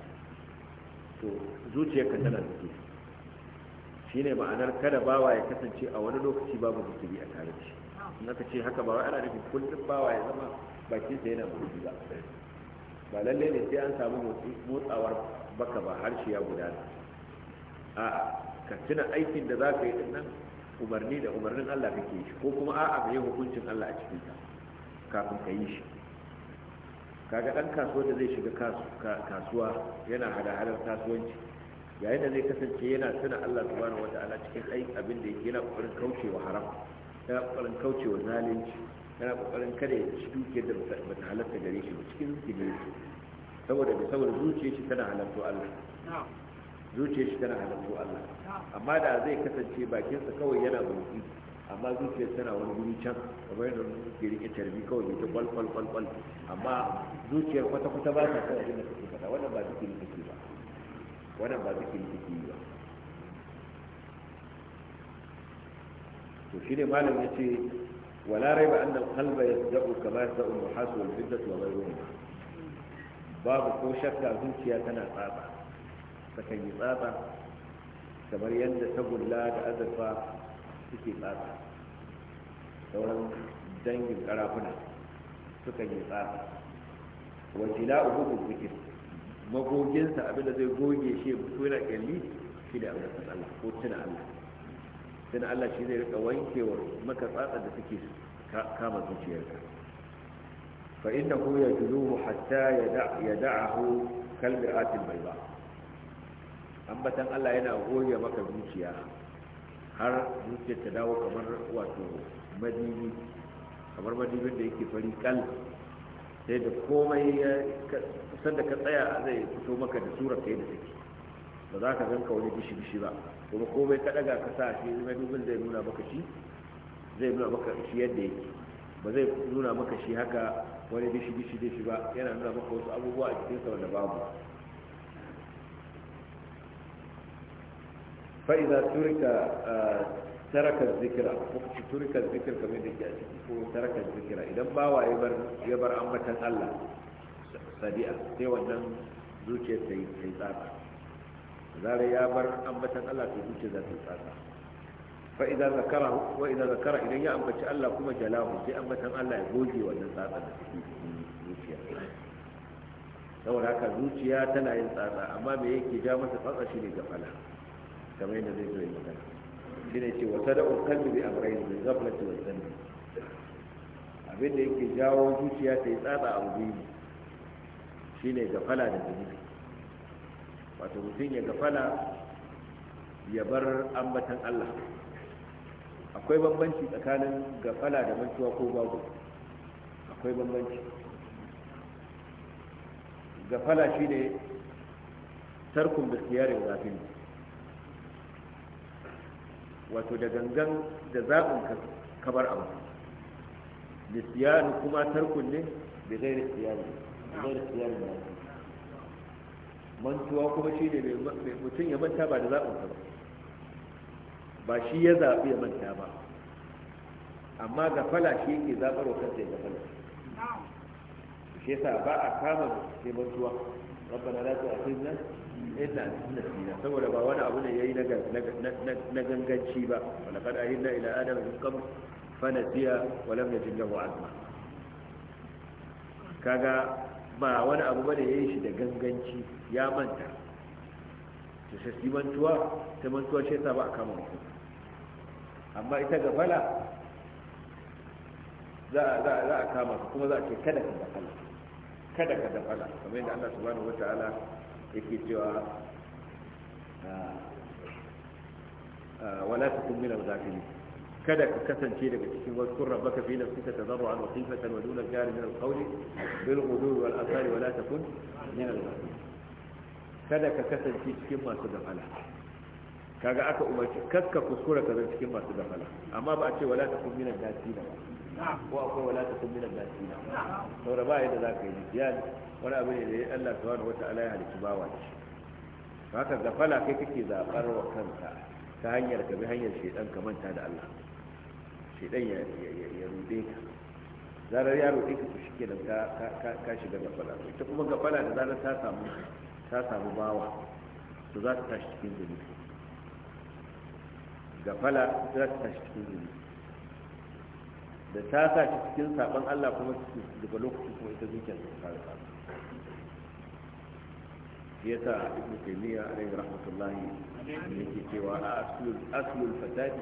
to zuciyarka tana zikiri shine ma'anar kada bawa ya kasance a wani lokaci babu zuciya a tare da shi in aka ce haka ba ana nufin kullum bawa ya zama bakin sa yana motsi ba ba lalle ne sai an samu motsawar baka ba harshe ya gudana a ka tuna aikin da za ka yi din nan umarni da umarnin Allah kake shi ko kuma a'a mai hukuncin Allah a cikin ka kafin ka yi shi kaga dan kasuwa da zai shiga kasuwa yana hada-hadar kasuwanci yayin da zai kasance yana tuna Allah subhanahu wata'ala cikin abin da yake yana kokarin kaucewa haram yana kokarin wa zalunci yana kokarin kada ya ci dukiyar da ba ta halatta gare shi ba cikin zuciyar saboda saboda zuciyar shi tana halatto Allah zuciyar shi tana halattu Allah amma da zai kasance bakinsa kawai yana bauki amma zuciyar tana wani guri can kamar yadda ke rike carbi kawai mai ta kwal kwal kwal kwal amma zuciyar kwata kwata ba ta kawai abin da kake faɗa wannan ba zikiri kake ba wannan ba zikiri kake ba to shine malam yace wala raiba anna al-qalba yasda'u kama yasda'u al-nuhas wal fiddatu wa ghayruhuma babu ko shakka zuciya tana tsaba sukan yi tsatsa kamar yadda tagulla da azurfa suke tsatsa sauran dangin karafuna sukan yi tsatsa wa jila'u hukun zikir magoginsa abinda zai goge shi ya fito yana kyalli shi da ambatan Allah ko tuna Allah tuna Allah shi zai rika wankewa maka tsatsa da suke kama zuciyarka fa innahu yajluhu hatta yada'ahu kalmir'atil bayda' ambatan Allah yana goge maka zuciya har zuciyar ta dawo kamar wato madini kamar madibin da yake fari kal sai da komai ya kusan da ka tsaya zai fito maka da surar kai da take ba za ka ka wani bishi bishi ba kuma komai ka daga ka sa shi madubin zai nuna maka shi zai nuna maka shi yadda yake ba zai nuna maka shi haka wani bishi bishi da shi ba yana nuna maka wasu abubuwa a cikin sa wanda babu fa'iza turka taraka zikira ko turka zikir kamar da a ciki ko taraka zikira idan bawa ya bar ambatan Allah sadi'a sai wannan zuciyar ta yi tsaka zare ya bar ambatan Allah ta zuciyar ta yi tsaka fa'iza zakara wa idan zakara idan ya ambaci Allah kuma jalahu sai ambatan Allah ya goge wannan tsaka da zuciya haka zuciya tana yin tsatsa amma me yake ja masa tsatsa shi ne gafala kamar yadda zai zo magana shi ne ce wata da'un kalbi bi amrayn bi ghaflati wa zanni abin da yake jawo zuciya ta yi tsada a biyu shi ne gafala da zunubi wato mutum ya gafala ya bar ambatan Allah akwai bambanci tsakanin gafala da mantuwa ko babu akwai bambanci gafala shi ne tarkun da siyarin zafin wato da gangan da zaɓin ka bar abu nisiyanu kuma tarkun ne da zai nisiyanu da zai nisiyanu ba mantuwa kuma shi ne mai mutum ya manta ba da zaɓin ka ba ba shi ya zaɓi ya manta ba amma gafala shi yake zaɓar wa kansa ya fala shi yasa ba a kama mai mantuwa rabbana la tu'akhidna illa nasina saboda ba wani abu ne ya yi na ganganci ba wala kad ahidna ila adama min qabl fa nasiya wa lam yajid lahu azma kaga ba wani abu ya yi shi da ganganci ya manta to sai shi mantuwa sai mantuwa shi ta ba a kama mutum amma ita gafala za a kama ka kuma za a ce kada ka gafala kada ka gafala kamar yadda Allah subhanahu ta'ala. yake cewa ah, ah, wala ta kun al-ghafilin kada ka kasance daga cikin wasu rabbaka fi nafsika ta wa khifatan wa dun al-jari min al-qawli bil ghudwi wal asari wala ta kun al-ghafilin kada ka kasance cikin masu dafala kaga aka umarci kaska kuskura ka zan cikin masu dafala amma ba a ce wala ta kun al-ghafilin ko akwai wala ta min al na. saboda ba yadda ka yi jiyan wani abu ne da ya Allah wata ala ya halicci bawa da shi haka gafala kai kake zabar wa kanka ta hanyar ka bi hanyar shaidan ka manta da Allah shaidan ya rube ka zarar ya rube ka to shike ka ka shiga gafala ita kuma gafala da zarar ta samu ta samu bawa to za ta tashi cikin zuri gafala za ta tashi cikin zuri da ta sa cikin sabon Allah kuma daga lokacin kuma ita zuciyar ta fara samu shi yasa ibn taymiya alayhi rahmatullahi yake cewa aslul aslul fasadi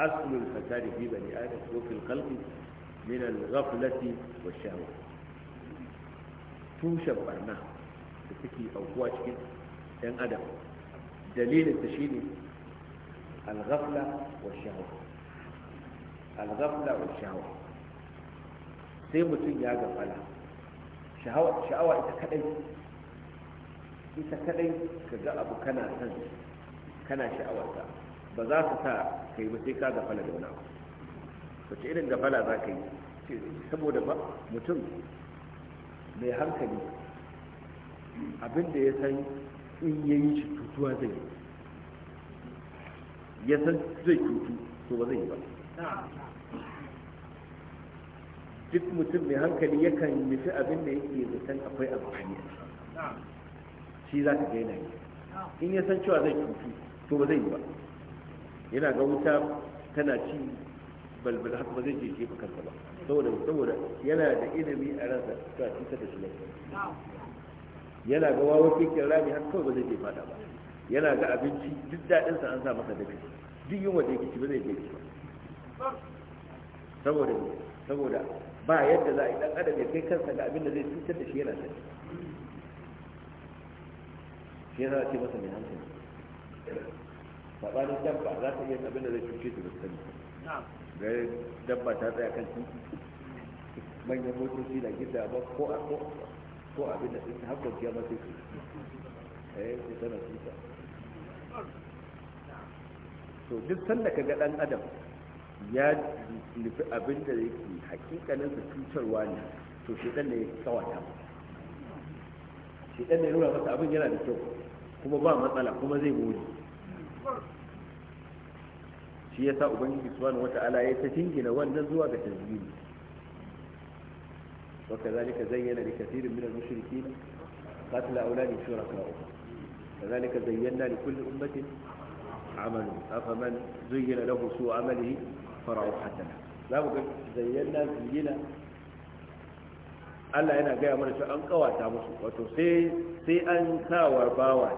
aslul fasadi fi bani adam wa fil qalbi min al-ghaflati wash-shahwa tushen barna da take aukuwa cikin yan adam dalilin ta shine al-ghafla wash-shahwa al-ghafla wash-shahwa sai mutum ya gafala sha'awa ita kadai ita kadai ka ga abu kana son kana sha'awarta ba za ka sa kai ba sai ka gafala da wani abu wace irin gafala za ka yi saboda ba mutum mai hankali abin da ya san in yayi shi tutuwa zai ya san zai tutu to ba zai yi ba duk mutum mai hankali yakan nufi abin da yake zaton akwai amfani shi za ka gaina ne yi in ya san cewa zai cutu to ba zai yi ba yana ga wuta tana ci balbal haka ba zai je jefa kansa ba saboda saboda yana da ilimi a ransa ta cutar da shi ne yana ga wawa kekin rami har kawai ba zai je fada ba yana ga abinci duk daɗin sa an sa masa daga duk yin wanda yake ci ba zai je ba saboda saboda ba yadda za a yi dan adam ya kai kansa ga abin da zai cutar da shi yana sani shi yasa ce masa mai hankali sabanin dabba za ta iya abin da zai cuce ta sani da dabba ta tsaya kan titi manyan motoci na gida ba ko a ko ko abin da sun har kwanciya ma sai su eh su tana tuta to duk sanda ka ga dan adam ya nufi abin da yake hakikanin su cutarwa ne to shi dan ne ya kawata masa shi da ya nuna masa abin yana da kyau kuma ba matsala kuma zai gode shi yasa ubangiji wata Ala ya ta jingina wannan zuwa ga tazmini وكذلك زين لكثير من المشركين قتل أولاد شركائهم كذلك زينا لكل أمة عمله أفمن زين له سوء farau فرعوا Za لا ga zayyana زينا Allah yana gaya mana cewa an kawata musu wato sai sai an sawa bawa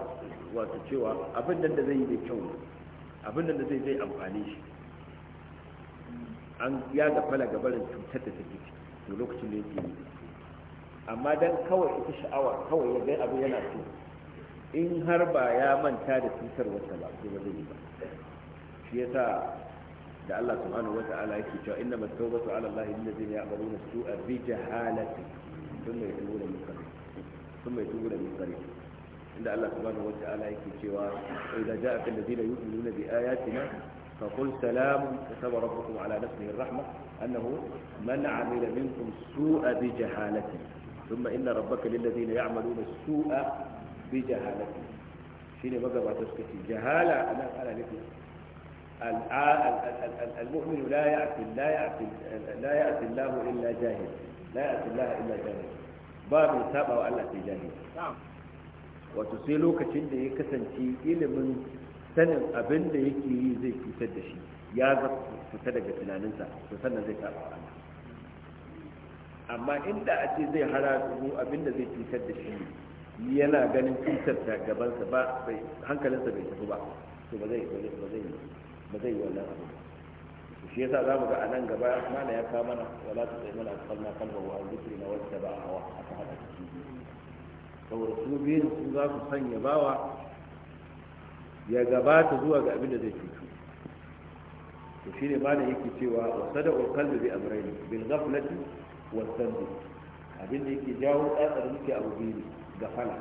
wato cewa abin da zai yi da kyau abin da zai zai amfani shi an ya ga gafala gabarin cutar da take to lokacin da yake yi amma dan kawai ita sha'awa kawai ya ga abu yana so in har ba ya manta da cutar wata ba to ba zai yi ba shi yasa da Allah subhanahu wa ta'ala yake cewa innamat tawbatu ala Allah alladhina ya'maluna su'a bi jahalati ثم يتوبون من قريب ثم يتوبون من قريب عند الله سبحانه وتعالى يكي وإذا جاءك الذين يؤمنون بآياتنا فقل سلام كتب ربكم على نفسه الرحمة أنه من عمل منكم سوء بجهالة ثم إن ربك للذين يعملون السوء بجهالة شيني بقى تسكتي جهالة أنا أنا لك المؤمن لا يأتي لا يأتي لا يأتي الله إلا جاهل la ya'ti Allah illa jahil ba mai saba Allah sai jahil wato sai lokacin da ya kasance ilimin sanin abin da yake yi zai cutar da shi ya ga fita daga tunaninsa to sannan zai saba Allah amma inda a ce zai haratu abin da zai cutar da shi yana ganin cutar da gabansa hankalinsa bai tafi ba to ba zai ba ba wannan shi yasa za mu ga a nan gaba mana ya kama mana wala ta tsaye mana kalma kalma wa zikri na wacce ba a hawa hada ciki saboda su biyu su za su sanya bawa ya gabata zuwa ga abin da zai cutu to shi ne mana yake cewa wa sadaqul qalbi bi amrayni bil ghaflati wa dhanbi abin da yake jawo tsatsar muke abu biyu gafala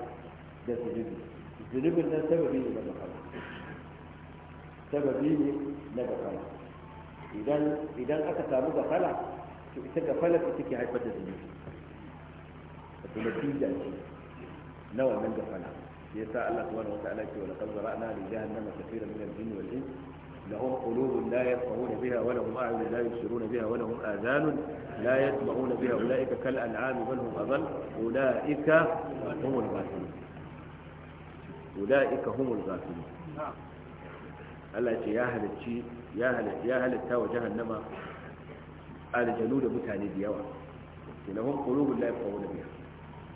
da zunubi zunubin nan sababi ne na gafala sababi ne na gafala idan aka samu gafala to ita gafala ita take haifar da zunubi wato natija ce na wannan gafala yasa Allah subhanahu wa ta'ala ce wa laqad zara'na li jahannama kathiran min al-jinn wal ins لهم قلوب لا يفقهون بها ولهم أعين لا يبصرون بها ولهم آذان لا يسمعون بها أولئك كالأنعام بل هم أضل أولئك هم الغافلون أولئك هم الغافلون Allah ce ya halicci ya halatta wa jahannama aljanu da mutane da yawa lahum qulubun la yafqahuna biha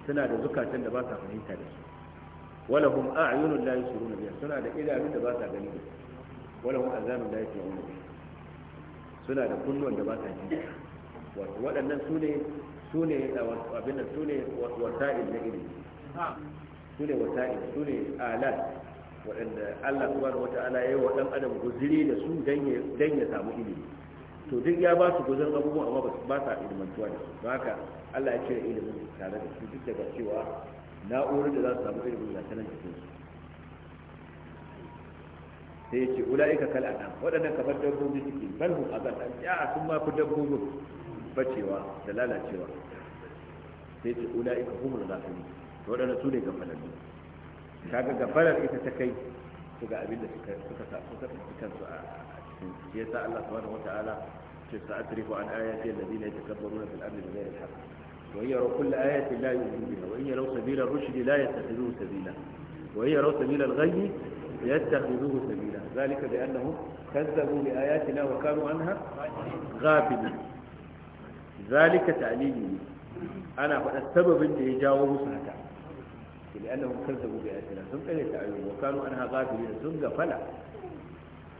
suna da zukatan da ba sa fahimta da su walahum a'yunun la yusiruna biha suna da idanun da ba sa gani da su walahum azanun la yasma'una biha suna da kunnuwan da ba sa ji wato waɗannan su ne su ne abin su ne wasa'il na ilimi su ne wasa'il su ne alat waɗanda Allah subhanahu wata'ala ya yi wa ɗan adam guziri da su don ya samu ilimi to duk ya ba su guzirin abubuwan amma ba su sa ilmantuwa da su don haka Allah ya cire ilimin tare da su duk daga cewa na'urar da za su samu ilimin da tanan cikin su sai ce ulaika kal adam waɗannan kamar dabbobi suke bal hum azal an ja sun ma fi dabbobi bacewa da lalacewa sai ce ulaika humul ghafilin waɗannan su ne gafalannu kaga gafarar ita ta kai su ga abin da suka samu suka kansu a cikin shi yasa Allah subhanahu wata'ala ce sa'atrifu an ayati alladhina yatakabbaruna fil ardi bighayri al-haqq wa yaru kull ayati la yu'minu biha wa yaru sabila ar-rushd la yattakhidhuhu sabila wa yaru sabila al-ghayy يتخذوه سبيلا ذلك بأنهم كذبوا بآياتنا وكانوا عنها غافلين ذلك تعليمي أنا فأنا السبب اللي يجاوبوا سنتين لأنهم كذبوا بآياتنا ثم قريت عيون وكانوا أنها غافلين سن غفلة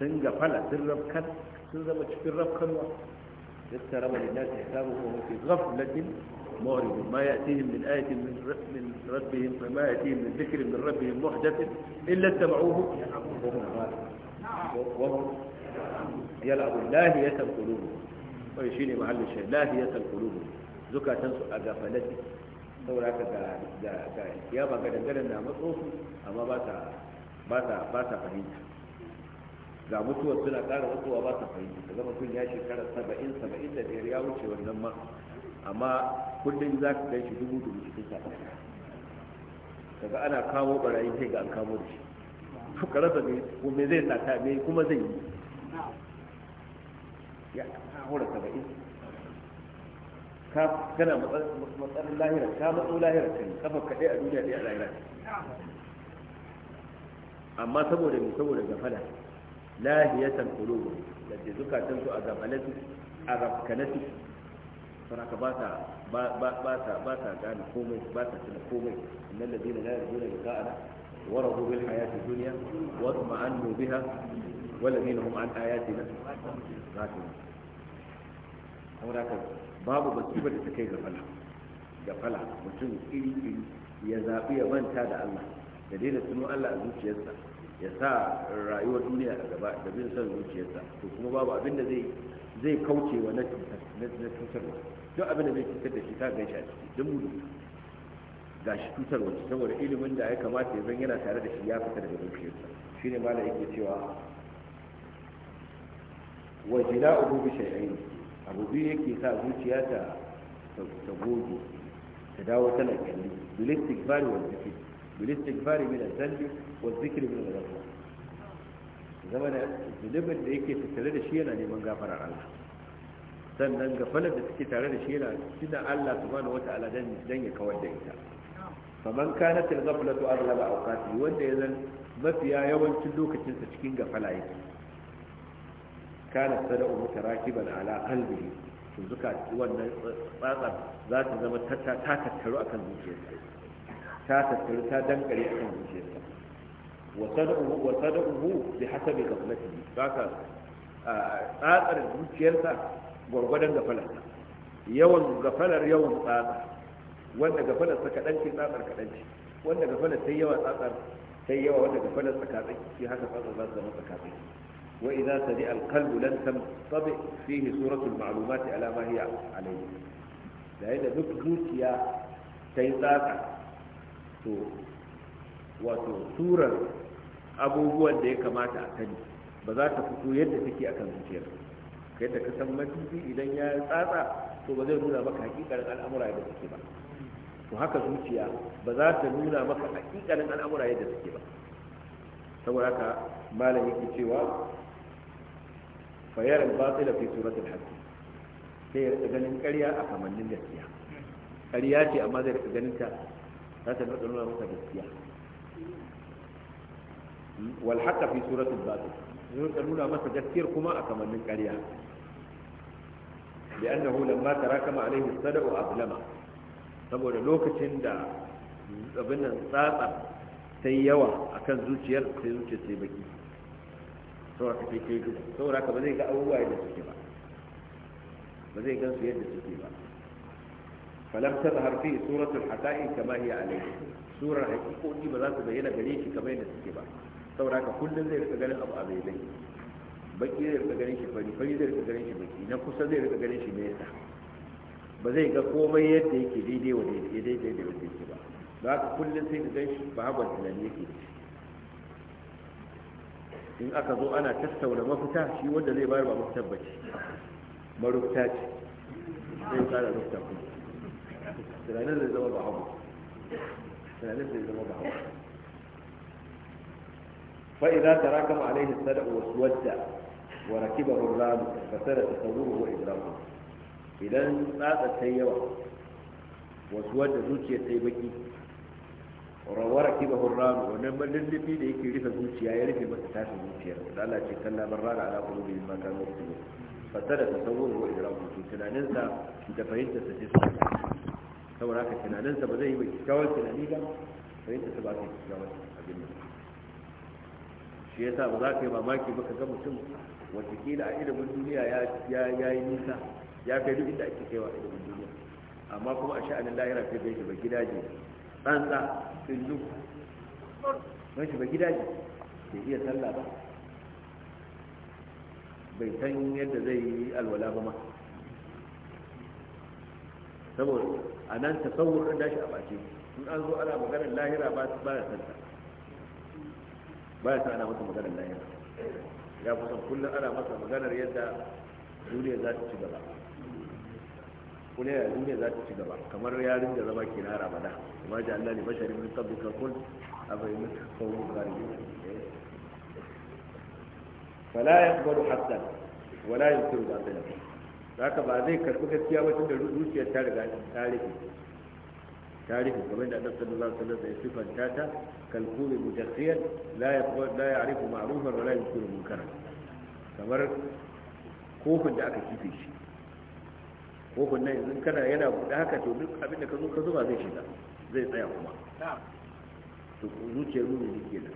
سن غفلة سن ربكت سن ربكت سن ربكت رب للناس حسابهم وهم في غفلة معرض ما يأتيهم من آية من ربهم وما يأتيهم من ذكر من ربهم محدث إلا اتبعوه وهم غافلون وهم الله لاهية قلوبهم ويشيني محل الشيء لاهية قلوبهم زكاة تنسوا أغفلتهم saboda ka ga ga ya ba ga dangaren na matso amma ba ta ba ta ba ta fahimta ga mutuwar suna ƙara mutuwa ba ta fahimta ka zama kun ya shekara saba'in saba'in da biyar ya wuce wannan ma amma kullum za ka kai shi dubu dubu cikin sa'a kaga ana kawo barayi sai ga an kawo da shi ka rasa ko me zai ta me kuma zai yi ya hura saba'in ka kana matsalar lahira ka matso lahira kai kafa kaɗe a duniya ɗaya a lahira amma saboda ne saboda gafala lahiyatan qulubu da ke zukatan su a gafalatu a gafalatu sana ka ba ta ba ta ba ta gane komai ba ta tuna komai annal ladina la yarjuna liqa'ana wa radu bil hayati dunya wa tuma'annu biha wal ladina hum an ayatina qatilun saboda babu basiba da ta kai ga gafala mutum iri iri ya zaɓi ya manta da Allah da daina tuno Allah a zuciyarsa ya sa rayuwar duniya a gaba da bin son zuciyarsa to kuma babu abin da zai zai kauce wa na cutarwa duk abin da zai cutar da shi ta gaishe a ciki duk mudu ga shi cutarwa saboda ilimin da ya kamata ya zan yana tare da shi ya fita daga zuciyarsa shine mala yake cewa wa jina'uhu bi shay'ain abu biyu yake sa zuciya ta ta goge ta dawo tana kyalli bil istighfar wal zikr bil istighfar min al-dhanbi wal zikr min al-ghafar zama da zunubin da yake tattare da shi yana neman gafarar Allah sannan ga gafalar da take tare da shi yana tuna Allah subhanahu wata'ala dan dan ya kawar da ita faman kanat al-ghaflatu aghlaba awqati wanda ya zan mafiya yawancin lokacinsa cikin gafala yake kana sada'u mutarakiban ala qalbihi to zuka wannan tsatsar za ta zama ta tattaru akan zuciyarsa ta tattaru ta dankare akan zuciyarsa wa sada'uhu wa sada'uhu bi hasabi ghaflatihi saka tsatsar zuciyarsa gwargwadon gafalarsa yawan gafalar yawan tsatsa wanda gafalar sa kadan ce tsatsar kadan ce wanda gafalar sai yawa tsatsar sai yawa wanda gafalar tsakatsaki haka tsatsar za su zama tsakatsaki وإذا سجع القلب لن تنطبق فيه سورة المعلومات على ما هي عليه لأن ذك زوجيا تيزاتا تو wato turar abubuwan da ya kamata a sani ba za ta fito yadda take a kan zuciyar ka yadda ka san idan ya tsatsa to ba zai nuna maka hakikanin al'amura yadda take ba to haka zuciya ba za ta nuna maka hakikanin al'amura yadda ba saboda haka malam yake cewa fayar al-batila fi suratul haqq sai ya rika ganin ƙarya a kamannin gaskiya ƙarya ce amma zai rika ganin ta za ta rika nuna masa gaskiya wal haqq fi suratul batil zai rika nuna masa gaskiyar kuma a kamannin ƙarya لأنه لما تراكم عليه الصدأ أظلمه saboda lokacin da abin nan tsatsar sai yawa akan zuciyar sai zuciya sai baki saboda sai ke duhu saboda ka ba zai ga abubuwa yadda suke ba ba zai su yadda suke ba falam ta zahar fi suratul haqa'i kama hiya alayhi surar haqiqoki ba za su bayyana gare shi kamar yadda suke ba saboda ka kullum zai rika ganin abu a bayyane baki zai rika ganin shi fari fari zai rika ganin shi baki na kusa zai rika ganin shi nesa ba zai ga komai yadda yake daidai wa daidai daidai wa daidai ba za ka kullum sai ka gan shi ba haɓar tunani yake da shi in aka zo ana tattauna mafita shi wanda zai bayar ba mafitar ba ce marufta ce zai kara rufta kuma tunanin zai zama ba hagu tunanin zai zama ba hagu فإذا تراكم عليه الصدع واسود وركبه الرام فسر تصوره yawa إذا لا zuciya ta yi baki. rawar ki bahur ranu wannan mallullufi da yake rufe zuciya ya rufe masa tafi zuciya da Allah ce kalla ban rana ala qulubi ma kanu yusbihu fasada tasawwur wa idraku tunaninsa da fahimtar sa sai saboda haka tunaninsa ba zai yi mai kyawun tunani ba fahimtar ta ba zai yi kyawun abin nan shi yasa ba za ka yi mamaki ba ka ga mutum watakila a ilimin duniya ya yi nisa ya kai duk inda ake kaiwa ilimin duniya amma kuma a sha'anin lahira sai bai shi ba gidaje tsantsa tsillu don shi ba gidaje bai iya sallah ba bai san yadda zai yi alwala ba ma saboda a nan ta tasawur da dashi a baki in an zo ana maganar lahira ba ba ya santa ba ana masa maganar lahira ya kusan kullum ana masa maganar yadda duniya za ta ci gaba kuma yaya duniya za ta ci gaba kamar yarin da zama ke na ramada kuma ji Allah ne bashari min qablika kun abai min qawmin khariji fala yaqbalu hasan wala yunkiru batil haka ba zai karbi gaskiya ba tunda zuciyar ta riga ta rufe ta rufe kamar da Annabi sallallahu alaihi wasallam ya sifanta ta kalkuli mudakhiyan la yaqbalu la ya'rifu ma'rufan wala yunkiru munkaran kamar kofin da aka kife shi bugun nan yanzu kana yana buɗe haka to duk abin da ka zo ka zuba zai shiga zai tsaya kuma to zuciyar mumini nan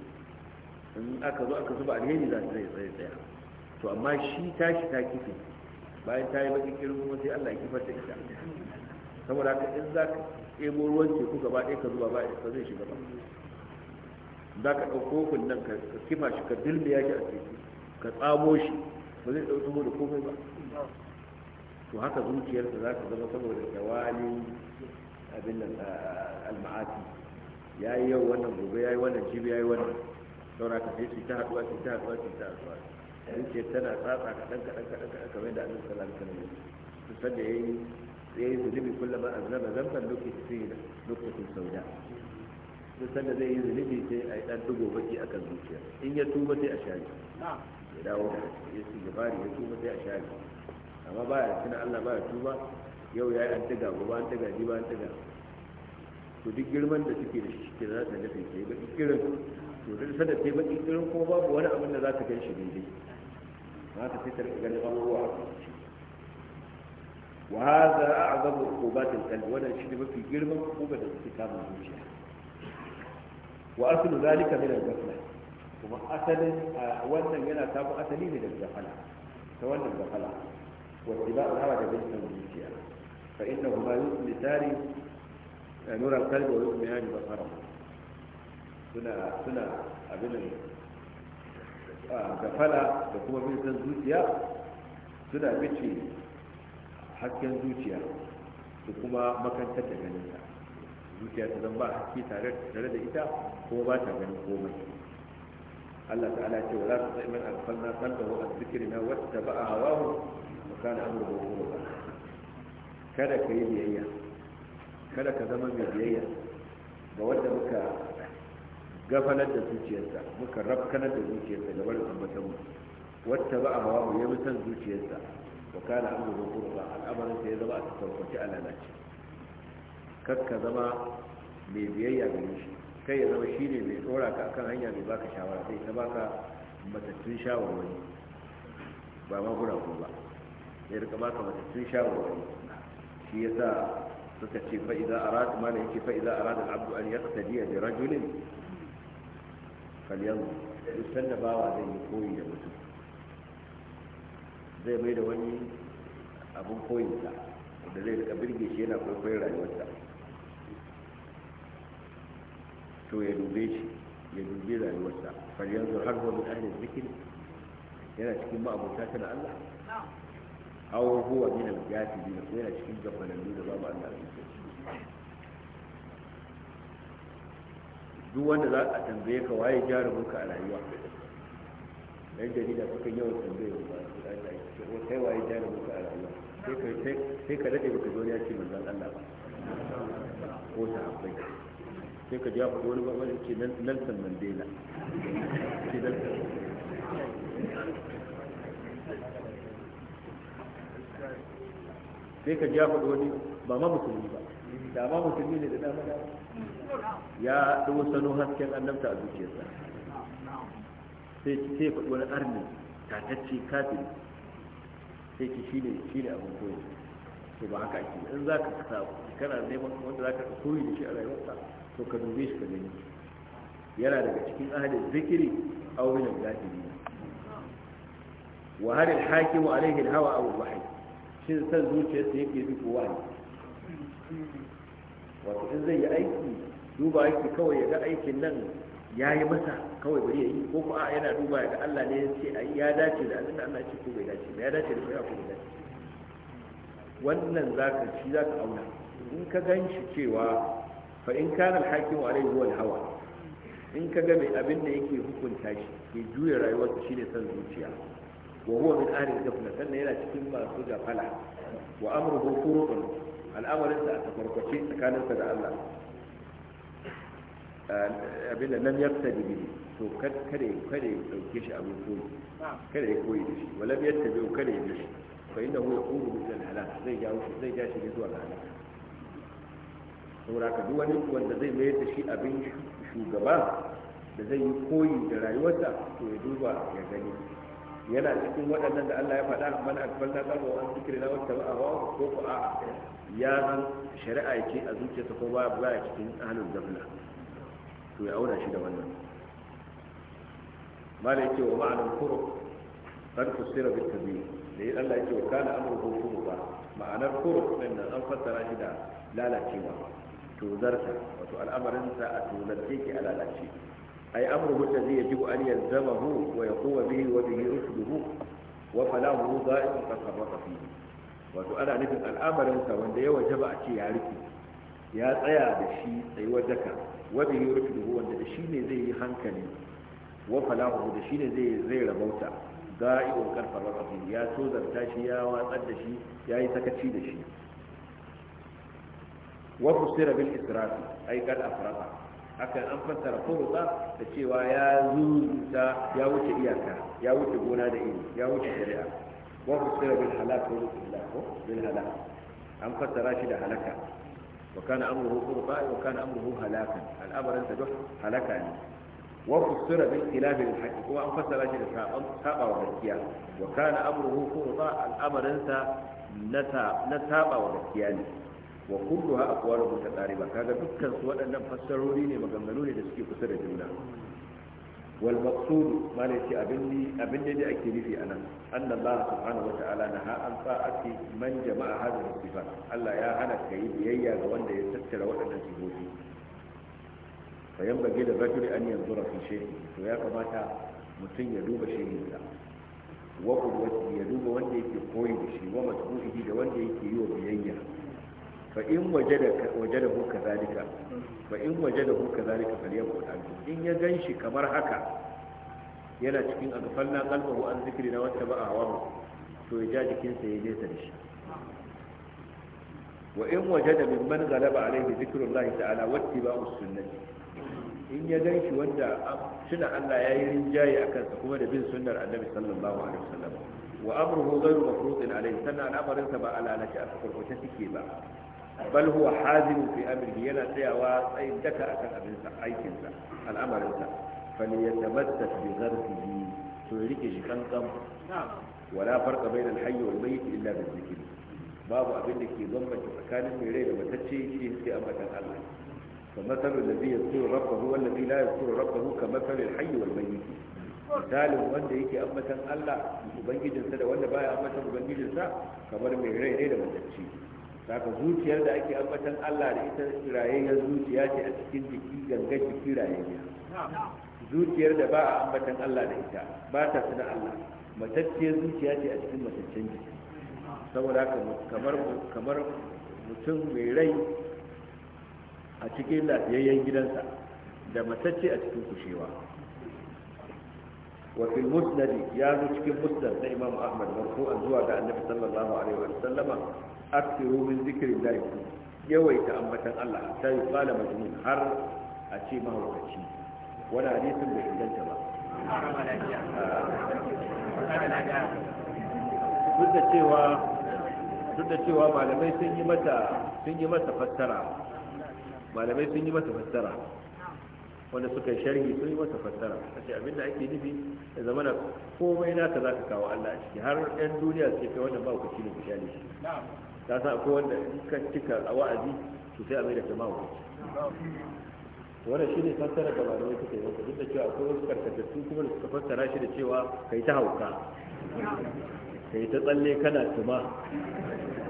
in aka zo aka zuba alheri za zai tsaya to amma shi tashi ta kife bayan ta yi baki kirin kuma sai Allah ya kifar da ita saboda haka in za ka ɗebo ruwan teku gaba ɗaya ka zuba ba ka zai shiga ba za ka ɗauko kofin nan ka kima shi ka dilmiya shi a teku ka tsamo shi ba zai ɗauki mu da komai ba to haka zuciyarsa za ta zama saboda kyawalin abin nan alma'ati ya yi yau wannan gobe ya yi wannan jibi ya yi wannan saura ka sai ta haɗuwa su ta haɗuwa su ta haɗuwa zuciyar tana tsatsa ka kaɗan kaɗan kaɗan kaɗan kamar yadda annabi sallallahu alaihi wasallam su sanda ya yi ya yi zunubi kullum a zama zamban lokacin lokacin sauda su sanda zai yi zunubi sai a yi ɗan dugo baki a kan zuciya in ya tuba sai a shari ya dawo da ya su gabari ya tuba sai a shari amma ya tuna Allah ba ya tuba yau ya yi an taga gobe an taga ji ba an taga to duk girman da suke da shi ke za ta nufi sai baki kirin to duk sadar sai baki kirin kuma babu wani abin da za ta ganshi daidai za ta fitar da ganin abubuwa wa hadha a'zamu uqubatil qalbi wannan shi ne mafi girman hukuma da suke kama zuciya wa aslu zalika min al-ghafla kuma asalin wannan yana samun asali ne daga gafala ta wannan gafala واتباع الهوى بالاسم والنسيان فإنهما يثبتان نور القلب ويؤمنان بصره suna suna abin gafala da kuma bin zuciya suna bice hasken zuciya su kuma makantar zuciya ta zan ba haske tare da ita ko ba ta ganin komai Allah ta'ala ce wa za su sa'iman alfanna kalbahu a zikirina wata ba'a hawahu da ba kada ka yi biyayya kada ka zama mai biyayya ga wanda muka gafalar da zuciyarsa muka rafkanar da zuciyarsa da wani ambatan mu wata ba a hawa mu yi mutan zuciyarsa wa kana amur da wani ba al'amarin sai ya zama a tsakaukaci a lalace kakka zama mai biyayya gare shi kai ya zama shi ne mai tsora ka kan hanya mai baka shawara sai ta baka matattun shawarwari ba ma guragu ba ya rika baka matattun shawarwari shi ya sa suka ce fa idza arada ma yake fa idza arada al-abdu an yaqtadi bi rajulin falyanzu duk da bawa zai yi koyi da mutum zai mai da wani abin koyinsa da zai rika birge shi yana kwaikwayon rayuwarsa to ya dube shi ya dubi rayuwarsa falyanzu har wa min ahli zikri yana cikin ma'abuta tana Allah aw huwa min al-jahilin ko yana cikin gafalallu da babu Allah a cikin duk wanda za a tambaye ka waye jarumin ka a rayuwa dan jarida suka yawan tambaye ba ko kai waye jarumin ka a rayuwa sai ka sai ka dade baka zo ya ce manzon Allah ba ko ta akwai sai ka ja ku wani babban ce Nelson Mandela sai ka jafa da wani ba ma musulmi ba da ma musulmi ne da na da ya ɗau sanu hasken annabta a zuciyarsa sai sai faɗi wani arni tatacce kafin sai ki shi ne abin koyi to ba haka ake in za ka kana neman wanda za ka koyi da shi a rayuwarsa to ka dube shi ka gani yana daga cikin ahadin zikiri a wani al wa hal al-hakimu alayhi hawa aw al shin san su yake bi ko ne? wato in zai yi aiki duba aiki kawai ya ga aikin nan ya yi masa kawai bari ya yi ko kuma yana duba ya ga Allah ne ya ce ya dace da abin da Allah ce ko bai dace ba ya dace da shari'a ko bai dace wannan zaka shi zaka auna in ka gan shi cewa fa in kana al-hakim huwa alhawa hawa in ka ga mai abin da yake hukunta shi ke juya rayuwarsa shine san zuciya وهو من اهل الجفنه فان يلا تكون ما سجى فلا وامره فرط الامر انت اتفرقتي كان انت ده الله آه، ابن لم يبتدي به تو كد كد كد يكش ابو فول نعم. كد يكوي دش ولم يتبع كد يدش فانه يقول مثل الهلاك زي جاو زي جاش اللي دول على saura ka duwani wanda zai mayar da shi abin shugaba da zai yi koyi da rayuwarsa to ya duba ya gani yana cikin waɗannan da Allah ya faɗa man akbalna qalbu an zikrina wa taba'a ko ko a ya san shari'a yake a zuciyarsa ko baya baya cikin ahlul jabla to ya auna shi da wannan malai yake wa ma'anin kuro qad fusira bil biyu? da Allah yake wa kana amruhu ba? ma'anar kuro din nan an fassara shi da lalacewa to zarta wato al'amarin sa a to ke a lalace أي أمره الذي يجب أن يلزمه ويقوم به وبه رشده وفلاه ضائع قد فرط Wato ana nufin الأمر wanda وأن يوجب a ce ya rufe. Ya tsaya da shi tsayuwar daka wadda ya rufe duhu wanda da shi ne zai yi hankali wa falahu da shi ne zai zai rabauta da'iwar karfar rafafin ya so zarta shi ya watsar da shi ya yi sakaci da shi wa fusira bil israfi ai kad afrafa hakan an fassara furuta da cewa ya zuzuta ya wuce iyaka ya wuce gona da iri ya wuce shari'a wa fassara bil halak wa bil halak an fassara shi da halaka wa kana amruhu furuta wa kana amruhu halakan al'amarin sa duk halaka ne wa fassara bil khilaf lil haqq ko an fassara shi da saban saba wa gaskiya wa kana amruhu furuta al'amarin sa na saba wa gaskiya ne wa kullu ha aqwalu mutaqariba kaga dukkan su waɗannan fassarori ne maganganu ne da suke kusa da juna wal maqsud ma ne ce abin ne abin da ake nufi anan anna Allah subhanahu wata'ala na ha an sa'ati man jama'a hadhihi sifat Allah ya hana kai biyayya ga wanda ya tattara waɗannan sifofi fa yanbaghi da rajuli an yanzura fi shay'in to ya kamata mutum ya duba shay'insa wa qudwati ya duba wanda yake koyi da shi wa matbu'ihi da wanda yake yi wa biyayya fa in waje da hu kazalika fa in waje da hu kazalika falyakun amin in ya ganshi kamar haka yana cikin agfalna qalbahu an zikrina wa taba'a hawahu to ya ja jikinsa ya nesa da shi wa in waje da mimman galaba alaihi zikrullahi ta'ala wattiba'us sunnati in ya gan shi wanda tuna Allah ya yi rinjaye a kansa kuma da bin sunnar annabi sallallahu alaihi wasallam wa amruhu ghayru mafruḍin alaihi sannan al'amarinsa ba alalaci a kurkuce suke ba bal huwa hazimu fi amrihi yana tsayawa tsayin daka akan abin sa aikin sa al'amarin sa fa li yatamattas bi zarfihi to rike shi kankan wala farka bayna al-hayy wal mayyit illa bi dhikr babu abin da ke bambanta tsakanin mai rai da matacce shi sai ambatan Allah فمثل الذي يذكر ربه والذي لا ka ربه كمثل الحي والميت misalin wanda yake ambatan Allah ubangijinsa da wanda baya ambatan ubangijinsa kamar mai rai ne da matacci saka zuciyar da ake ambatan Allah da ita rayayyar zuciya ce a cikin jiki gangan jiki rayayya zuciyar da ba a ambatan Allah da ita ba ta suna Allah matacciyar zuciya ce a cikin mataccen jiki saboda kamar kamar mutum mai rai a cikin lafiyayyen gidansa da matacce a cikin kushewa وفي المسند يعني في المسند الإمام أحمد مرفوعا zuwa ga annabi sallallahu alaihi wa sallama. aksiru min zikirin lahi yawaita ambatan Allah ta yi kala majnun har a ce mahaukaci wani hadisin bai inganta ba duk da cewa duk da cewa malamai sun yi mata sun yi masa fassara malamai sun yi masa fassara wanda suka sharhi sun yi masa fassara a ce abin da ake nufi da zamana. komai naka za ka kawo Allah a ciki har 'yan duniya suke kai wannan ba ku shi ne misali shi ka sa ko wanda ka cika a wa'azi su sai a mai da jama'a wa wannan shine fassara da malamai suka yi wata duk da cewa akwai wasu karkatattu kuma da suka fassara shi da cewa ka yi ta hauka Ka yi ta tsalle kana tuma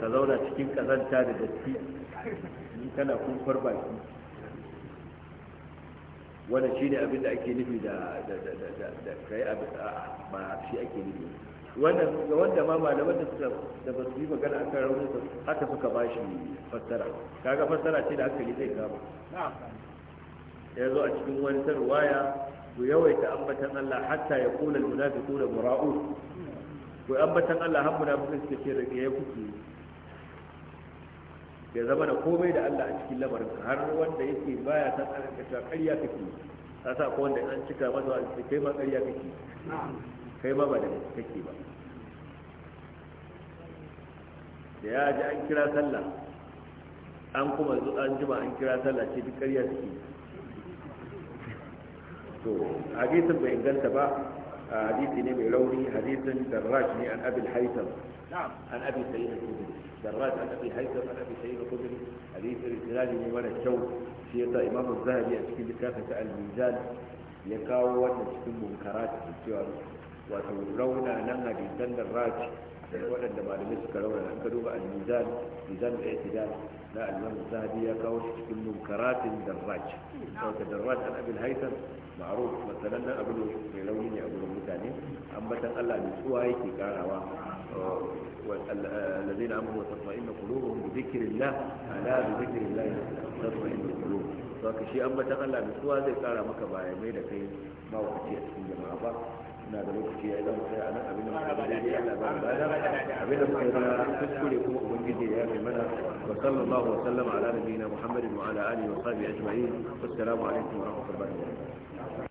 ka zauna cikin kazanta da datti ni kana kumfar baki wannan shine abin da ake nufi da da da ba shi ake nufi wanda ga wanda ma malaman da suka da ba su yi magana akan raunin sa haka suka bashi fassara kaga fassara ce da hankali zai kama ya zo a cikin wani tarwaya ku yawaita ambatan Allah hatta ya kula almunafiquna mura'un ku ambatan Allah har munafiqun suka ce rage ya kuke ya zama da komai da Allah a cikin lamarin har wanda yake baya san an ka ƙarya kake sa ko wanda an cika masa kai ma ƙarya kake kai ba ba da kake ba da ya ji an kira sallah an kuma zo an jima an kira sallah ce duk ƙarya suke to hadisin bai inganta ba hadisi ne mai rauni hadisin darraj ne an abil haitam an abi sayyid al-khudri darraj an abi haitam an abi sayyid al-khudri hadisi rijalali ne mara kyau shi yasa imam zahabi a cikin littafin sa al-mizan ya kawo wannan cikin munkarat cewa wato rauna nan hadisan da raji waɗanda malamai suka rauna an ka duba al-mizan da ya na al zahabi ya kawo shi cikin munkaratin darraj saboda darraj an abin haitan ma'ruf masalan nan abin mai rauni ne a gurin mutane ambatan Allah ne tsuwa yake karawa الذين امنوا وتطمئن قلوبهم بذكر الله الا بذكر الله تطمئن القلوب فكشي ambatan Allah ne tsuwa zai kara maka bayanai da kai ba wuce a cikin jama'a ba na da lokaci ya yi zama sai a nan abin da muka yi daidai Allah ba da abin da muka yi kuskure kuma ubangiji ya yi mana wa sallallahu wa sallama ala nabiyina Muhammadin wa ala alihi wa sahbihi ajma'in assalamu alaikum wa rahmatullahi wa barakatuh